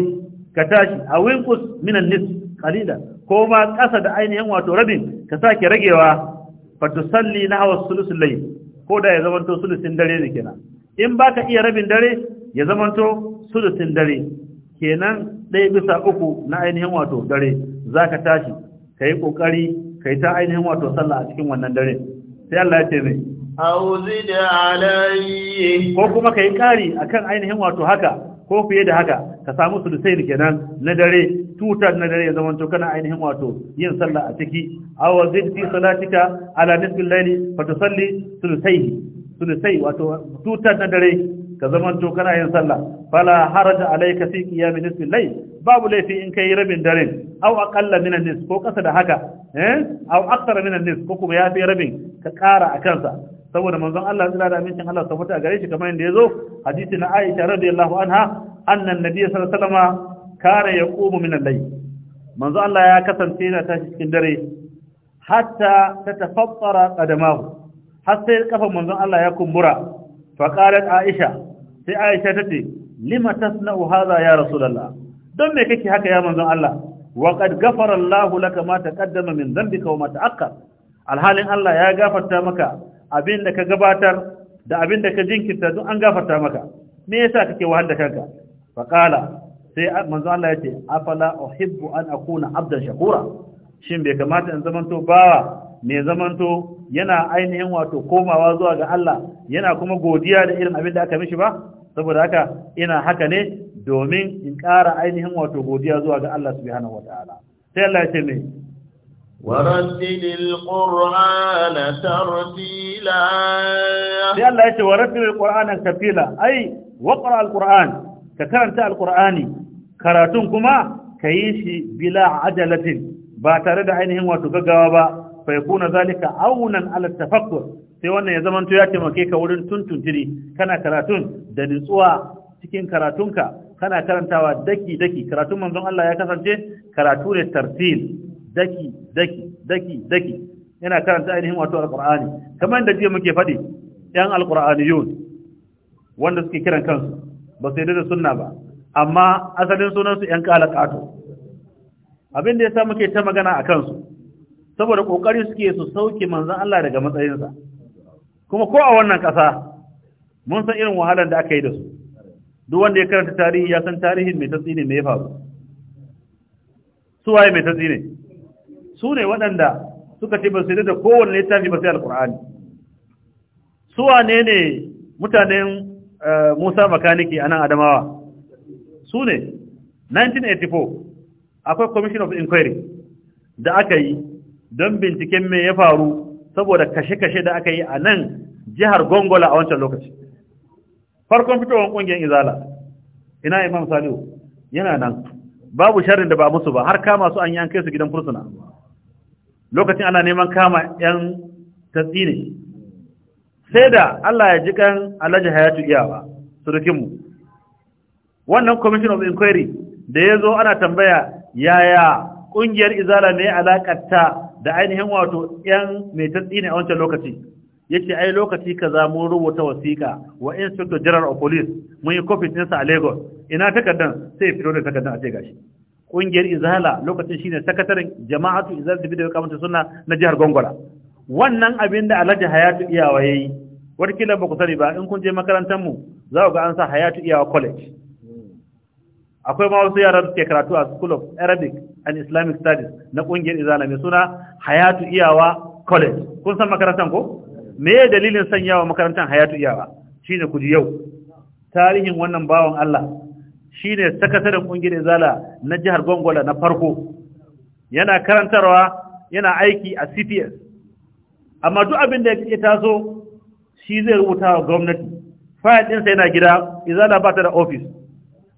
Speaker 2: ka tashi aw qus minan an-nisf qalila ko ma kasa da ainihin wato rabin ka sake ragewa fa tusalli nahwa thuluth layl ko da ya zamanto sulusin dare ne kenan in baka iya rabin dare ya zamanto sulusin dare kenan ɗaya bisa uku na ainihin wato dare zaka tashi kai kokari kai ta ainihin wato sallah a cikin wannan dare sai Allah ya ce mai da alayhi ko kuma kai kari akan ainihin wato haka ko fiye da haka ka samu da kenan na dare tutar na dare ya zamanto kana ainihin wato yin sallah a ciki aw zid fi salatika ala nisfi al-layli fa tusalli sulusaihi sulusai wato tutar na dare ka zamanto kana yin sallah fala haraja alayka fi qiyam nisfi al-layl babu laifi in kai rabin dare aw aqalla min nisf ko kasa da haka eh aw akthara min nisf ko kuma ya fi rabin ka kara akan sa saboda manzon Allah zira da amincin Allah tabbata a gare shi kamar yadda ya zo hadisi na Aisha radiyallahu anha annan nabi sallallahu alaihi wasallam ya yaqumu min al-layl manzon Allah ya kasance yana tashi cikin dare hatta tatafattara qadamahu har sai kafan manzon Allah ya kumbura fa qalat Aisha sai Aisha tace lima tasna'u hadha ya rasulullah don me kake haka ya manzon Allah wa qad ghafara Allah laka ma taqaddama min dhanbika wa ma ta'akkar alhalin Allah ya gafarta maka abin da ka gabatar da abin da ka jinkirta duk an gafarta maka me yasa kake wahal da kanka faqala sai manzo Allah yace afala uhibbu an akuna abdan shakura shin bai kamata in zamanto bawa me zamanto yana ainihin wato komawa zuwa ga Allah yana kuma godiya da irin abin da aka mishi ba saboda haka ina haka ne domin in ƙara ainihin wato godiya zuwa ga Allah subhanahu wataala sai Allah ya ce me ورتل
Speaker 1: القرآن ترتيلا
Speaker 2: يا الله يتي ورتل القرآن ترتيلا أي وقرأ القرآن كترنت القرآن كراتون كما كيشي بلا عجلة باترد عينهم وتققوا با فيكون ذلك عونا على التفكر sai wannan ya zamanto ya taimake ka wurin tuntuntiri kana karatun da nutsuwa cikin karatunka kana karantawa daki daki karatun manzon Allah ya kasance karatu ne tartil daki daki daki daki yana karanta ainihin wato alqur'ani kamar da jiya muke faɗi ɗan alqur'aniyun wanda suke kiran kansu ba su da sunna ba amma asalin sunansu ‘yan kalakato abin da ya sa muke ta magana a kansu saboda kokari suke su sauke manzon Allah daga matsayinsa kuma ko a wannan kasa mun san irin wahalar da aka yi da su duk wanda ya karanta tarihi ya san tarihin mai tatsi mai faru suwaye mai tatsi su ne waɗanda suka ce ba da kowane littafi ba sai alkur'ani su wane ne mutanen eh, musa makaniki a nan adamawa su ne 1984 akwai commission of inquiry da aka yi don binciken mai ya faru saboda kashe-kashe da aka yi a nan jihar gongola a wancan lokaci farkon fitowar ƙungiyar izala ina imam saliu yana nan babu sharrin da ba musu ba har kama su an yi an kai su gidan fursuna lokacin ana neman kama 'yan tatsi ne sai da Allah ya ji kan alhaji hayatu iyawa surukinmu wannan commission of inquiry da ya zo ana tambaya yaya ƙungiyar izala ne alaƙarta da ainihin wato 'yan mai tatsi a wancan lokaci ya ce ai lokaci kaza mun rubuta wasiƙa wa inspector general of police mun yi kofi ɗinsa a lagos ina takardar sai fito da takardar a ce gashi kungiyar izala lokacin shine sakataren jama'atu izala da bid'a kamata sunna na jihar Gongola wannan abin da Alhaji Hayatu Iyawa yayi wataƙila ba ku sani ba in kun je makarantar mu za ku ga an sa Hayatu Iyawa College akwai ma wasu yaran da karatu a School of Arabic and Islamic Studies na kungiyar izala mai suna Hayatu Iyawa College kun san makarantar ko me ye dalilin sanyawa makarantar Hayatu Iyawa shine ku ji yau tarihin wannan bawan Allah shine sakataren ƙungiyar izala na jihar Gongola na farko yana karantarwa yana aiki a CPS amma duk abin da ya taso shi zai rubuta wa gwamnati fayil ɗinsa yana gida izala ba ta da ofis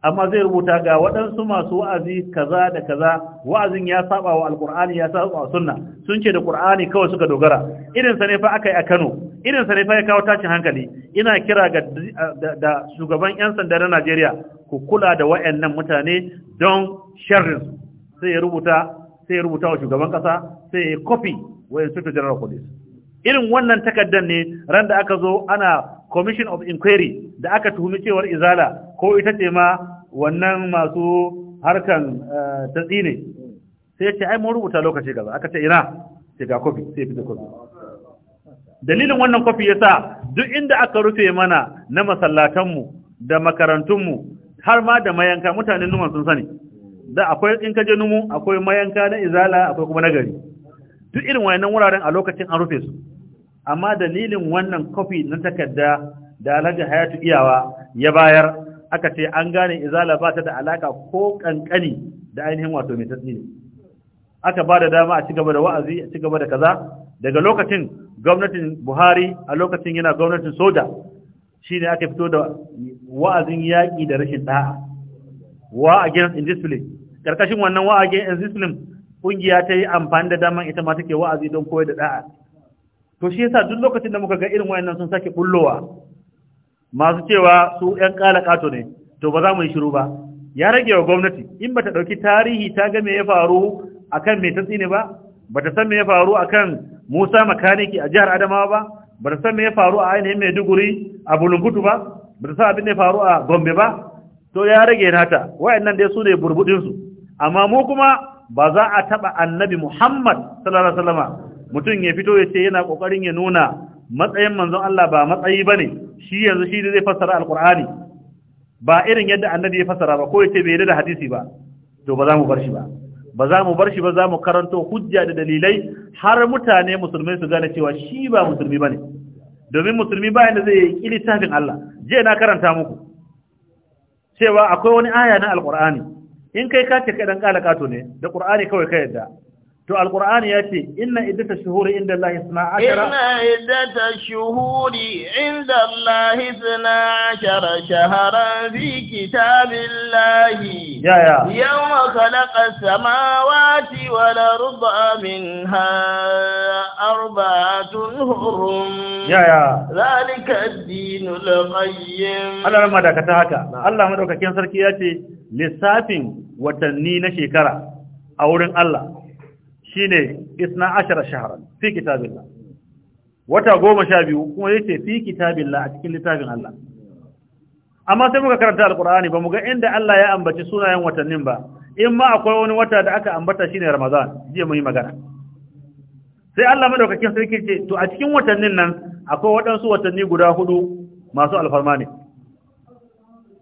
Speaker 2: amma zai rubuta ga waɗansu masu wa'azi kaza da kaza wa'azin ya saba wa alqur'ani ya saba wa sunna sun ce da qur'ani kawai suka dogara Irinsa ne fa aka yi a Kano Irinsa ne fa ya kawo tashin hankali ina kira ga da shugaban yan sanda na Najeriya ku kula da wa'annan mutane don sharrin sai ya rubuta sai ya rubuta wa shugaban ƙasa, sai ya copy wa inspector general police irin wannan takaddan ne ran da aka zo ana commission of inquiry da aka tuhumi cewar izala ko ita ce ma wannan masu harkan eh, tatsi ne sai ce ai mun rubuta lokaci gaba aka ce ina ce ga kofi sai fi kofi dalilin wannan kofi ya sa duk inda aka rufe mana na masallatanmu da makarantunmu har ma da mayanka mutanen numan sun sani da akwai in ka je numu akwai mayanka na izala akwai kuma nagari. gari duk irin wayannan wuraren a lokacin an rufe su amma dalilin wannan kofi na takarda da alhaji hayatu iyawa ya bayar aka ce an gane izala ba ta da alaka ko kankani da ainihin wato mai tasiri aka ba da dama a cigaba da wa'azi a cigaba da kaza daga lokacin gwamnatin buhari a lokacin yana gwamnatin soja shine aka fito da wa'azin yaƙi da rashin ɗa'a, wa gina indiscipline ƙarƙashin wannan wa against ƙungiya ta yi amfani da daman ita ma take wa'azi don koyar da ɗa'a. to shi yasa duk lokacin da muka ga irin wayannan sun sake bullowa masu cewa su ƴan kato ne to ba za mu yi shiru ba ya rage wa gwamnati in bata dauki tarihi ta ga me ya faru akan me ta tsine ba bata san me ya faru akan Musa makaniki a jihar Adamawa ba bata san me ya faru a ainihin Maiduguri a Bulungutu ba bata san abin da ya faru a Gombe ba to ya rage nata wayannan dai su ne burbudin su amma mu kuma ba za a taba annabi Muhammad sallallahu alaihi wasallama mutum ya fito ya ce yana kokarin ya nuna matsayin manzon Allah ba matsayi bane shi yanzu shi zai fassara alqur'ani ba irin yadda annabi ya fassara ba ko ya ce bai da hadisi ba to ba za mu bar shi ba ba za mu bar shi ba za mu karanto hujja da dalilai har mutane musulmai su gane cewa shi ba musulmi bane domin musulmi ba inda zai yi littafin Allah je na karanta muku cewa akwai wani aya na alqur'ani in kai ka ce kai dan kalakato ne da ƙur'ani kawai ka yadda to alqur'ani ya ce inna iddata shuhuri inda Allah isna ashara inna
Speaker 1: iddata shuhuri inda Allah isna ashara shahran fi kitabillahi ya ya yawma khalaqa samawati wal arda minha arba'atun hurum ya ya zalika ad-dinul qayyim
Speaker 2: Allah madakata haka Allah madaukakin sarki ya ce lissafin watanni na shekara a wurin Allah shine isna ashara shahran fi kitabillah wata goma sha biyu kuma yace fi kitabillah a cikin littafin Allah amma sai muka karanta alqur'ani ba mu ga inda Allah ya ambaci sunayen watannin ba in ma akwai wani wata da aka ambata shine ramadan jiya mun yi magana sai Allah madaukakin sarki ce to a cikin watannin nan akwai waɗansu watanni guda hudu masu alfarma ne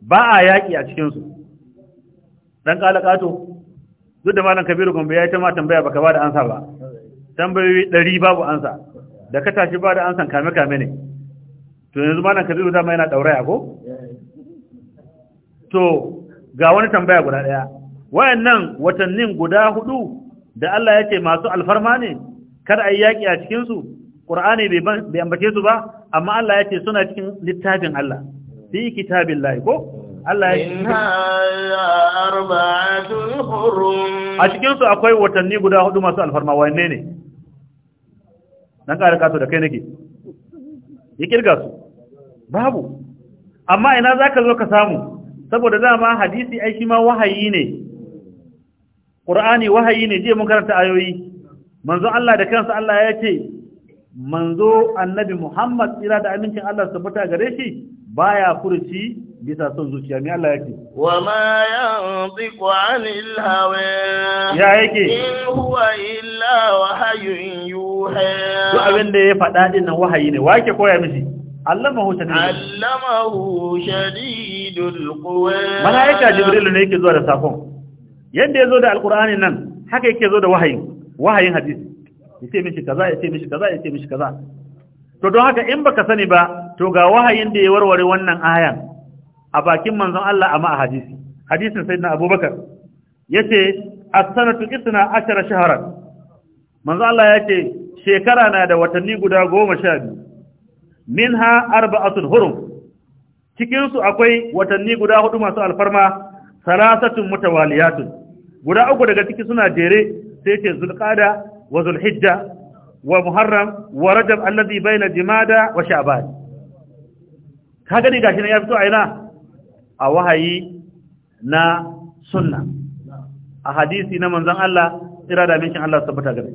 Speaker 2: ba a yaki a cikinsu ɗan kalakato duk da malam kabiru gombe ya yi ta ma tambaya baka ba da ansa ba tambayoyi ɗari babu ansa da ka tashi ba da ansa kame kame ne to yanzu malam kabiru dama yana ɗauraya ko to ga wani tambaya guda ɗaya wayannan watannin guda hudu da Allah ya ce masu alfarma ne kar a yi yaƙi a cikinsu ƙur'ani bai ambace su ba amma Allah ya ce suna cikin littafin Allah fi kitabin ko Allah ya a akwai watanni guda hudu masu alfarma wanne ne nan ƙara kasu da kai nake ya kirga su babu amma ina za ka zo ka samu saboda dama hadisi ai shi ma wahayi ne ƙur'ani wahayi ne jiya mun karanta ayoyi manzo Allah da kansa Allah ya ce manzo annabi Muhammad tsira da amincin Allah su fita gare shi baya furci bisa son zuciya mai Allah yake
Speaker 1: wa ma yanziqu anil hawa
Speaker 2: ya yake in
Speaker 1: huwa illa wahayin yuha to
Speaker 2: abin da ya faɗa din wahayi ne wake koya mishi allamahu tadrib
Speaker 1: allamahu shadidul quwa malaika jibril ne
Speaker 2: yake zuwa da sakon yadda zo da alqur'ani nan haka yake zo da wahayin, wahayin hadisi yace mishi kaza yace mishi kaza yace mishi kaza to don haka in baka sani ba to ga wahayin da ya warware wannan ayan a bakin manzon Allah amma a hadisi hadisin na abubakar yace as-sanatu isna ashara shahran manzo Allah yace shekara na da watanni guda 12 minha arba'atun hurum cikin akwai watanni guda hudu masu alfarma salasatun mutawaliyatun guda uku daga ciki suna jere sai yace zulqada wa zulhijja wa muharram wa rajab alladhi bayna jimada wa sha'ban kaga gani gashi ne ya fito a ina a wahayi na sunna a hadisi na manzon Allah tsira da minkin Allah tabbata gare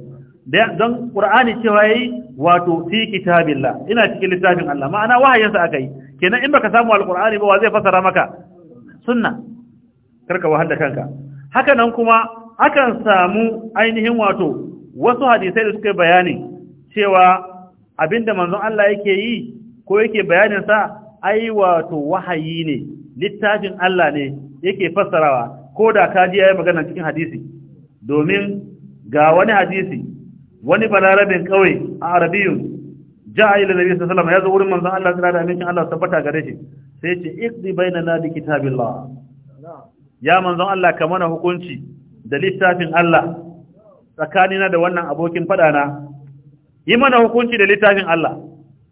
Speaker 2: don ƙur'ani cewa yi wato fi kitabillah ina cikin littafin Allah ma'ana wahayinsa yi. kenan in baka samu Alƙur'ani ba wa zai fasara maka sunna karka wahal da kanka haka nan kuma akan samu ainihin wato wasu hadisai da suka yi bayani cewa abinda manzon Allah yake yi ko yake bayanin sa ai wato wahayi ne littafin Allah ne yake fassarawa ko da ka ji yayi magana cikin hadisi domin ga wani hadisi wani balarabin kawai a arabiyun ja a nabi sallallahu alaihi wasallam ya zo wurin manzon Allah tsira da wasallam Allah tabbata gare shi sai ce iqdi bainana bi kitabillah ya manzon Allah ka mana hukunci da littafin Allah tsakanina da wannan abokin fada na yi mana hukunci da littafin Allah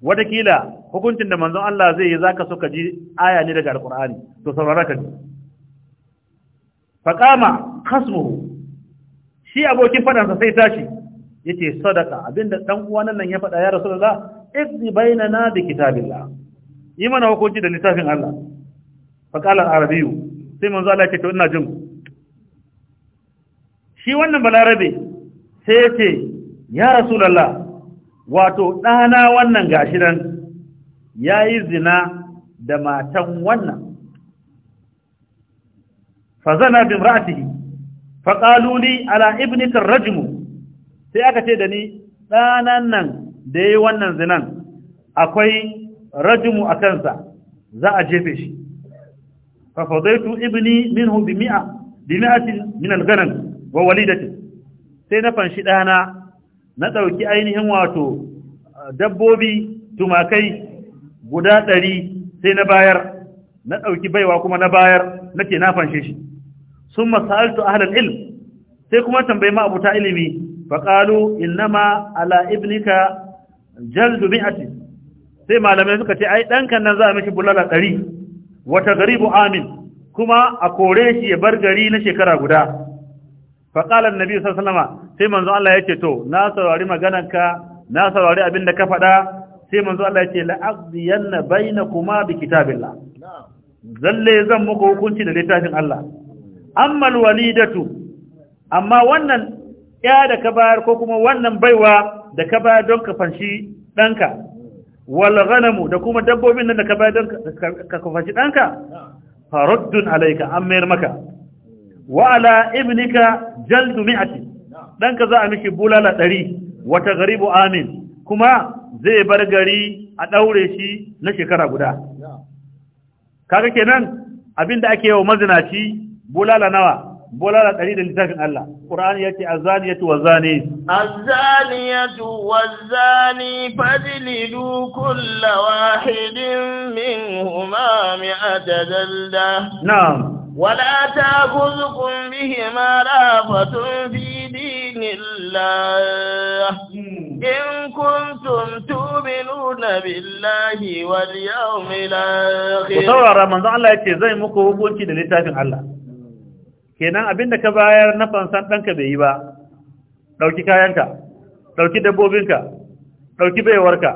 Speaker 2: watakila hukuncin da manzon Allah zai yi zaka so ka ji aya ne daga alqur'ani to saurara ka ji faqama khasmuhu shi abokin fadan sa sai tashi yace sadaka abinda dan uwan nan ya fada ya rasulullah iqdi bainana bi kitabillah yi mana hukunci da littafin Allah faqala al-arabiyyu sai manzon Allah yake ce to ina jin shi wannan balarabe sai yace ya rasulullah wato ɗana wannan gashi nan ya yi zina da matan wannan fazana bin ra'atihi faƙaluli ala ibnitin rajimu sai aka ce da ni ɗanan nan da ya yi wannan zinan akwai rajimu a kansa za a jefe shi fafadaitu ibni minhu bi mi'a bi mi'atin min al wa walidatin sai na fanshi ɗana na ɗauki ainihin wato eh, dabbobi tumakai guda ɗari sai na bayar na ɗauki baiwa kuma na bayar nake na fanshe shi sun masaltu ahalar ilm sai kuma tambayi ma'abuta ilimi faƙalu innama ala ibnika jaldu mi'ati sai malamai suka ce ai kan nan za a mishi bulala ɗari wata garibu amin kuma a kore shi ya bar gari na shekara guda faƙalar nabi wasallama sai manzo Allah ya ce to na saurari maganarka na saurari abin da ka faɗa sai manzo Allah ya ce la'aziyanna kuma bi kitabillah zalle zan muku hukunci da littafin Allah amma walidatu amma wannan ya da ka bayar ko kuma wannan baiwa da ka bayar don ka fanshi ɗanka wal ghanamu da kuma dabbobin nan da ka bayar don ka fanshi ɗanka faruddun alaika an mayar maka wa ala ibnika jaldu mi'ati ka za a miki bulala ɗari wata garibu amin kuma zai bar gari a ɗaure shi na shekara guda kaga kenan abinda ake yawa mazinaci bulala nawa bulala ɗari da littafin Allah Qur'ani yace azaniyatu wazani
Speaker 1: azaniyatu wazani fajlidu kulla wahidin min mi'ata dalda na'am ولا تأخذكم بهما رأفة kun دين الله إن كنتم تؤمنون بالله واليوم الآخر وصور
Speaker 2: من ذا الله يتي زي مكو هبونتي للتافن الله kenan abinda ka bayar na fansan ɗanka bai yi ba ɗauki kayanka ɗauki dabbobinka ɗauki baiwarka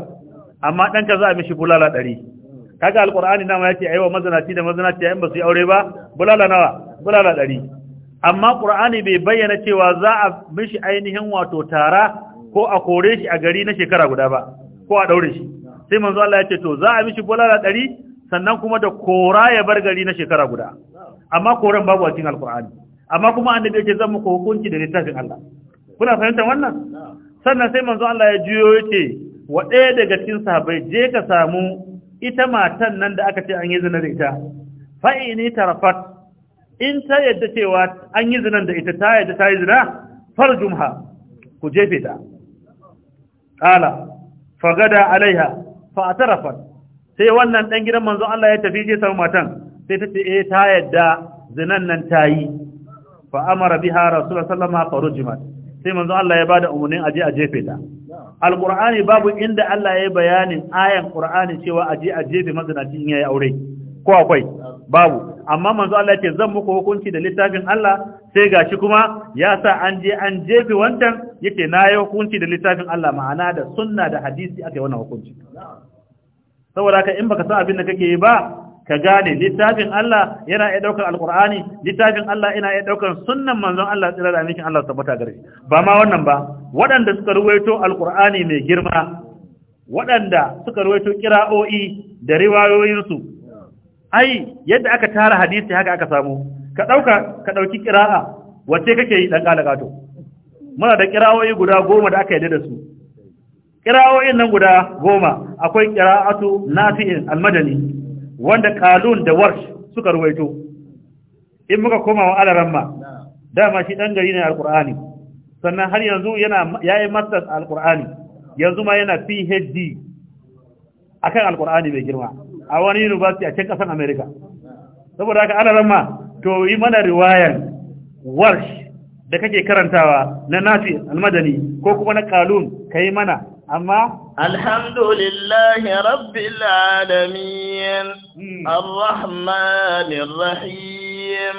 Speaker 2: amma ɗanka za a mishi bulala ɗari kaga alqur'ani dama yace aiwa mazanaci da mazanaci ayin ba su yi aure ba bulala nawa bulala dari amma qur'ani bai bayyana cewa za a mishi ainihin wato tara ko a kore shi a gari na shekara guda ba ko a daure shi sai manzo Allah yace to za a mishi bulala dari sannan kuma da kora ya bar gari na shekara guda amma koran babu a cikin alqur'ani amma kuma annabi yace zan muku hukunci da littafin Allah kuna fahimtar wannan sannan sai manzo Allah ya juyo yace wa ɗaya daga cikin sahabbai je ka samu ita matan nan da aka ce an yi zina da ita fa'ini tarafat in ta yadda cewa an yi zina da ita ta yadda ta yi zina farjumha ku jefe ta ala fagada alaiha fa tarafat sai wannan dan gidan manzon Allah ya tafi je samu matan sai ta ce eh ta yadda zinan nan ta yi fa amara biha rasulullahi sallallahu alaihi wasallam fa rujimat sai manzon Allah ya bada umurnin aje a jefe ta alqur'ani babu inda Allah ya yi bayanin ayan qur'ani cewa aje aje bi mazinaci in yayi aure ko akwai babu amma manzo Allah yake zan muku hukunci da littafin Allah sai gashi kuma ya sa an je an jefe wancan yake na yi hukunci da littafin Allah ma'ana da sunna da hadisi aka yi wannan hukunci saboda haka in baka san abin da kake yi ba ka gane littafin Allah yana iya daukar alkur'ani littafin Allah yana iya daukar sunnan manzon Allah tsira da amincin Allah tabbata gare ba ma wannan ba waɗanda suka ruwaito alkur'ani mai girma waɗanda suka ruwaito kira'o'i da riwayoyinsu ai yadda aka tara hadisi haka aka samu ka ɗauka ka ɗauki kira'a wacce kake yi ɗan ƙato? muna da kira'o'i guda goma da aka yi da su kira'o'in nan guda goma akwai kira'atu nafi'in almadani wanda kalun da warsh suka ruwaito in muka koma wa alaramma dama shi dan gari ne alqur'ani sannan har yanzu yana yayi masters alqur'ani yanzu ma yana PhD akan alqur'ani mai girma a wani university a cikin kasan America saboda haka alaramma to yi mana riwayan warsh da kake karantawa na nafi almadani ko kuma na kalun kai mana أما
Speaker 1: الحمد لله رب العالمين rahim, الرحيم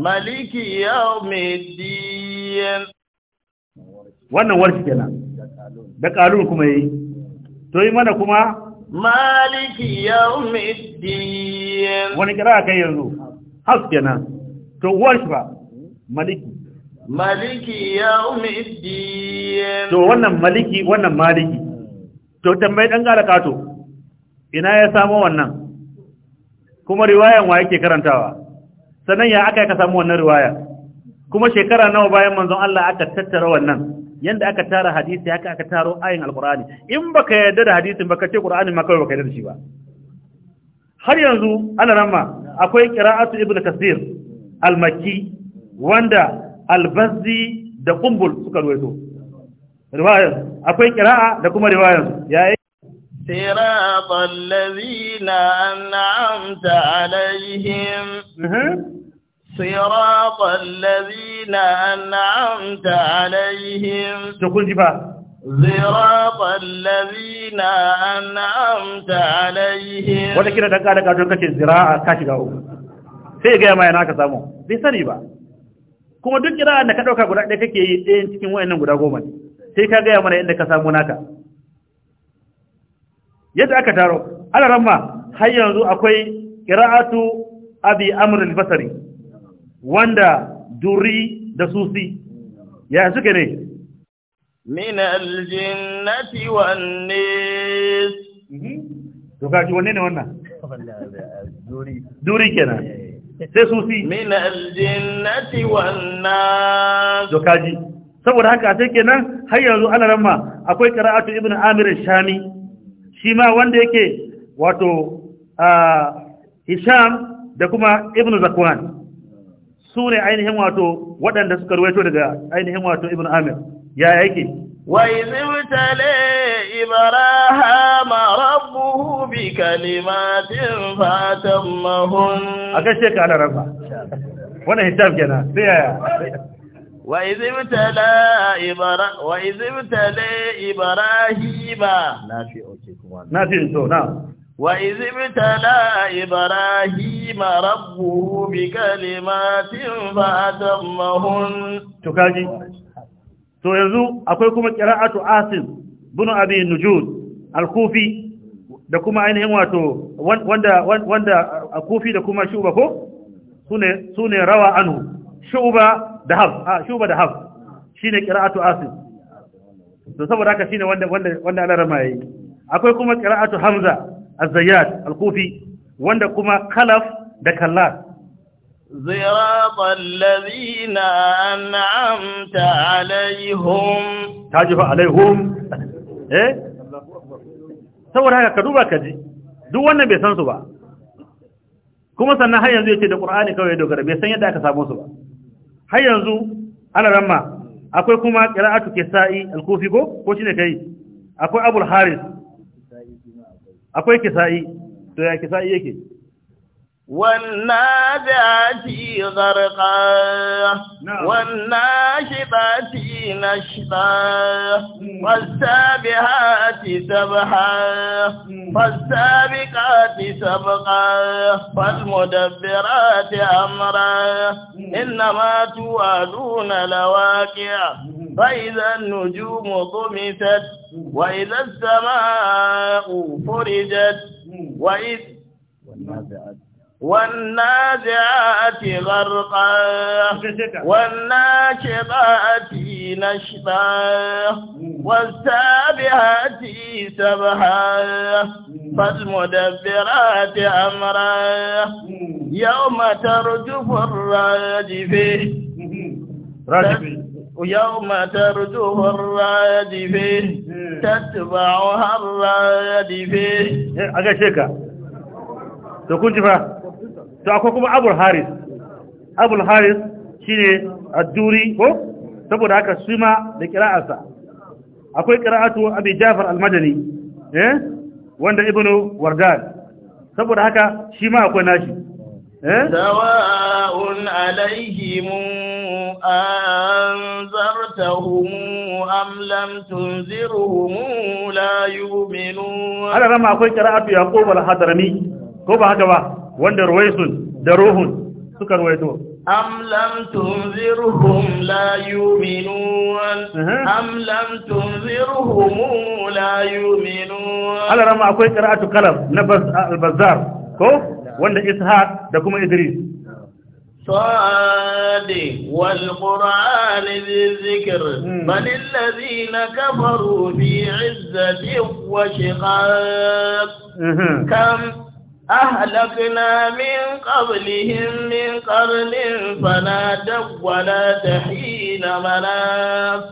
Speaker 1: ملك يوم الدين
Speaker 2: wannan warki kenan da kalun kuma yi to yi mana kuma
Speaker 1: maliki yawmiddin
Speaker 2: wani kira kai yanzu has kenan to warki ba maliki
Speaker 1: maliki ya yawmiddin to wannan
Speaker 2: maliki wannan maliki to tambayi dan gara kato ina ya samu wannan kuma riwayan wa yake karantawa sannan ya aka ka samu wannan riwaya kuma shekara nawa bayan manzon Allah aka tattara wannan yanda aka tara hadisi haka aka taro ayin alqur'ani in baka yarda da hadisin baka ce qur'ani ma kawai baka yarda da shi ba har yanzu ana nan ma akwai qira'atu ibnu kasir al-makki wanda albazzi da kumbul suka ruwaito riwayar akwai kira'a da kuma riwayar ya yi
Speaker 1: صراط الذين أنعمت عليهم صراط الذين أنعمت عليهم تقول جبا صراط الذين أنعمت
Speaker 2: عليهم ولا كده دقا دقا دقا زراعة كاشي غاو sai ga mai naka samu bai sani ba kuma duk kira'a da ka ɗauka guda ɗaya kake yi ɗayan cikin wayannan guda goma sai ka gaya mana inda ka samu naka yadda aka taro alaran ramma har yanzu akwai kira'atu abi amr al-basri wanda duri da susi ya suke ne
Speaker 1: min al-jinnati wan nas mhm.
Speaker 2: to kaji wanne ne wannan
Speaker 1: duri duri kenan
Speaker 2: eh, sai su si saboda haka sai kenan har yanzu ana ramma akwai qira'atu ibn amir shami shi ma wanda yake wato hisham da kuma ibn zakwan su ne ainihin wato waɗanda suka ruwaito daga ainihin wato ibn amir ya yake وإذ
Speaker 1: ابتلى إبراهام ربه بكلمات فأتمهن
Speaker 2: أكشك على ربا وانا هتاب جنا
Speaker 1: وإذ ابتلى إبرا... وإذ ابتلى إبراهيم
Speaker 2: نافي أوكي نافي نعم وإذ
Speaker 1: ابتلى إبراهيم ربه بكلمات فأتمهن
Speaker 2: تكاجي to yanzu akwai kuma qira'atu asim bin abi nujud al-kufi da kuma ainihin wato wanda wanda al-kufi da kuma shuba ko sune sune rawa anhu shuba da haf ah shuba da haf shine qira'atu asim to saboda haka shine wanda wanda wanda rama yayi akwai kuma qira'atu hamza az-zayyad al-kufi wanda kuma khalaf da kallat
Speaker 1: صراط الذين
Speaker 2: أنعمت عليهم تجب عليهم eh saboda haka ka duba ka ji duk wannan bai san su ba kuma sannan har yanzu ya ce da Qur'ani kawai ya dogara bai san yadda aka samu su ba har yanzu ana ramma akwai kuma qira'atu kisa'i al-kufi ko ko shine yi. akwai abul haris akwai kisa'i to ya kisa'i yake
Speaker 1: والنازعات غرقا نعم. والناشطات نشطا والسابحات سبحا فالسابقات سبقا فالمدبرات أمرا إنما توعدون لواقع فإذا النجوم طمست وإذا السماء فرجت وإذ والنازعات والنازعات غرقا والناشطات نشطا والسابحات سبحا فالمدبرات أمرا يوم ترجف الراجفة راجفة يوم ترجوه الراجفة تتبعها الراجفة أغشيك تكون جفا
Speaker 2: to akwai kuma abul haris abul haris shine adduri ko saboda haka shi ma da kira'arsa akwai kira'atu abi jafar al-madani eh wanda ibnu wardan saboda haka shi ma akwai nashi eh
Speaker 1: sawa'un alaihim anzartahum am lam tunzirhum la yu'minun ala rama
Speaker 2: akwai kira'atu yaqub al-hadrami ko ba haka ba wanda ruwaisun da ruhun suka ruwaito alarama akwai karatu kalam na al ko wanda ishaq da kuma idris
Speaker 1: صادي والقرآن ذي الذكر بل الذين كفروا في عزة وشقاق كم أهلكنا من قبلهم من قرن فنادوا ولا تحين مناف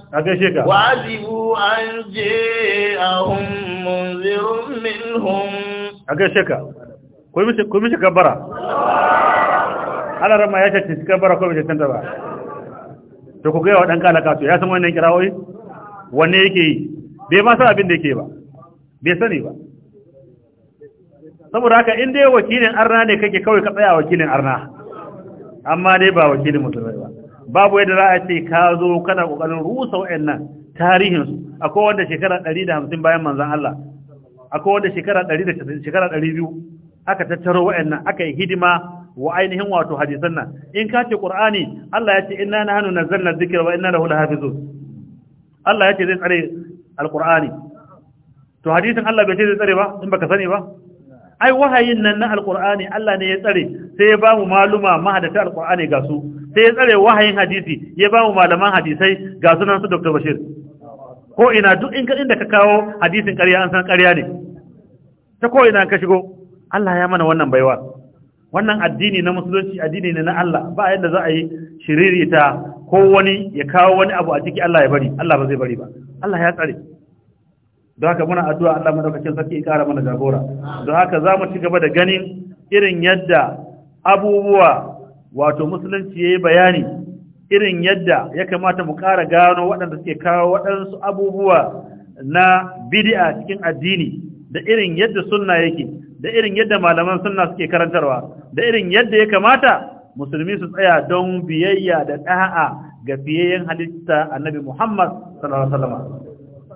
Speaker 1: وعجبوا أن جاءهم منذر منهم
Speaker 2: ku mishi kabara alarama ya shaci su kabara ko bai canta ba to ku gaya wa ɗan kalaka ya san wannan kirawoyi wanne ke yi bai ma sa abin da ba bai sani ba saboda haka in dai wakilin arna ne kake kawai ka tsaya wakilin arna amma dai ba wakilin musulmai ba babu yadda za a ce ka zo kana kokarin rusa wayannan tarihin su akwai wanda shekara hamsin bayan manzan Allah akwai wanda shekara ɗari da 190 shekara ɗari biyu aka tattaro wayannan aka yi hidima wa ainihin wato hadisan nan in ka ce qur'ani Allah ya ce inna nahnu nazzalna dhikra wa inna lahu lahafizun Allah ya ce zai tsare alqur'ani to hadisin Allah bai ce zai tsare ba in baka sani ba ai wahayin nan na alkur'ani Allah ne ya tsare sai ya bamu maluma mahadata alkur'ani ga su sai ya tsare wahayin hadisi ya bamu malaman hadisai ga sunan su Dr. Bashir ko ina duk in ka inda ka kawo hadisin ƙarya an san ƙarya ne ta ko ina ka shigo Allah ya mana wannan baiwa wannan addini na musulunci addini ne na Allah ba yadda za a yi shiririta ko wani ya kawo wani abu a ciki Allah ya bari Allah ba zai bari ba Allah ya tsare don haka muna addu'a Allah madaukakin sarki ƙara kara mana jagora don haka za mu ci gaba da ganin irin yadda abubuwa wato musulunci ya yi bayani irin yadda ya kamata mu ƙara gano waɗanda suke kawo waɗansu abubuwa na bidi'a cikin addini da irin yadda sunna yake da irin yadda malaman sunna suke karantarwa da irin yadda ya kamata musulmi su tsaya don biyayya da ɗa'a ga fiyayyen halitta annabi Muhammad sallallahu alaihi wasallam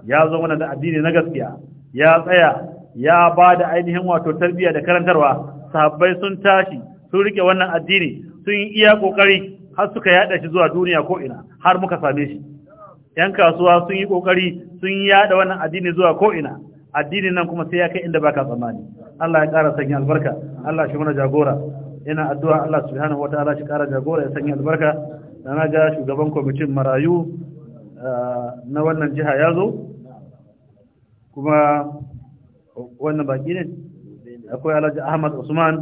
Speaker 2: ya zo mana da addini na gaskiya ya tsaya ya ba da ainihin wato tarbiyya da karantarwa sahabbai sun tashi sun rike wannan addini sun yi iya kokari har suka yada shi zuwa duniya ko ina har muka same shi yan kasuwa sun yi kokari sun yada wannan addini zuwa ko ina addinin nan kuma sai ya kai inda baka tsammani Allah ya ƙara sanya albarka Allah shi mana jagora ina addu'a Allah subhanahu wataala shi ƙara jagora ya sanya albarka na ga shugaban kwamitin marayu eh, na wannan jiha ya zo kuma wannan baki ne akwai alhaji ahmad usman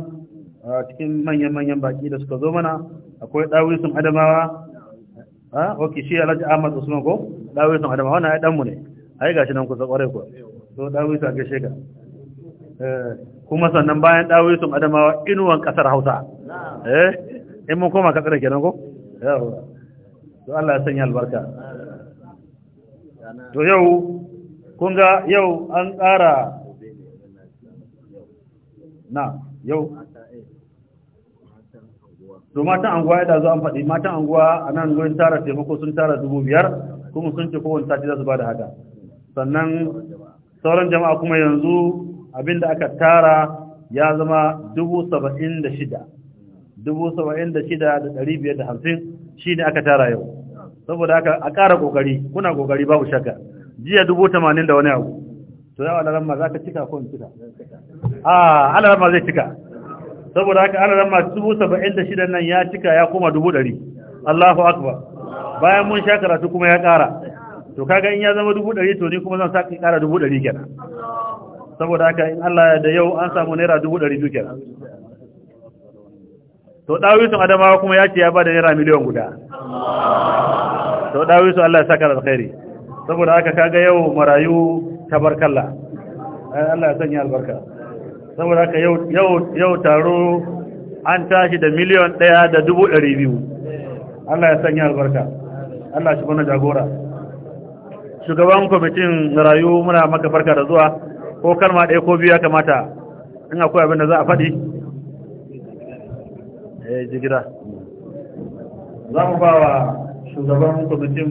Speaker 2: cikin manyan-manyan baki da suka zo mana akwai ɗawisun adamawa a ok shi alhaji ahmad usman ko ɗawisun adamawa wannan ya ɗanmu ne ai gashi nan kusa ƙwarai ko so ɗawisun ga gashe eh, kuma sannan bayan ɗawisun adamawa inuwan ƙasar hausa eh in mun koma ƙasar kenan ko yawa to Allah ya sanya albarka to yau kun ga yau an ƙara na yau to matan anguwa ya zo an faɗi matan anguwa a nan gurin tara taimako sun tara dubu biyar kuma sun ce kowane sati za su ba da haka sannan sauran jama'a kuma yanzu abin da aka tara ya zama dubu saba'in da shida dubu saba'in da shida da ɗari biyar da hamsin shi ne aka tara yau saboda aka a ƙara ƙoƙari kuna ƙoƙari babu shakka jiya dubu tamanin da wani abu to yawa alarama za ka cika ko in cika a alarama zai cika saboda haka alarama dubu saba'in da shidan nan ya cika ya koma dubu ɗari allahu akbar bayan mun sha karatu kuma ya ƙara to kaga in ya zama dubu ɗari to ni kuma zan sa ƙara dubu ɗari kenan saboda haka in allah da yau an samu naira dubu ɗari biyu kenan to ɗawisun adamawa kuma ya ce ya ba da naira miliyan guda to ɗawisun allah ya saka da alkhairi saboda haka kaga yau marayu ta barkalla, eh, Allah ya sanya albarka saboda haka yau yau yau taro an tashi da miliyan 1 da 200 Allah ya sanya albarka Allah shi bana jagora shugaban kwamitin marayu muna maka farka da zuwa ko kalma ɗaya ko biyu ya kamata in akwai abin da za a faɗi eh jigira za mu ba wa shugaban kwamitin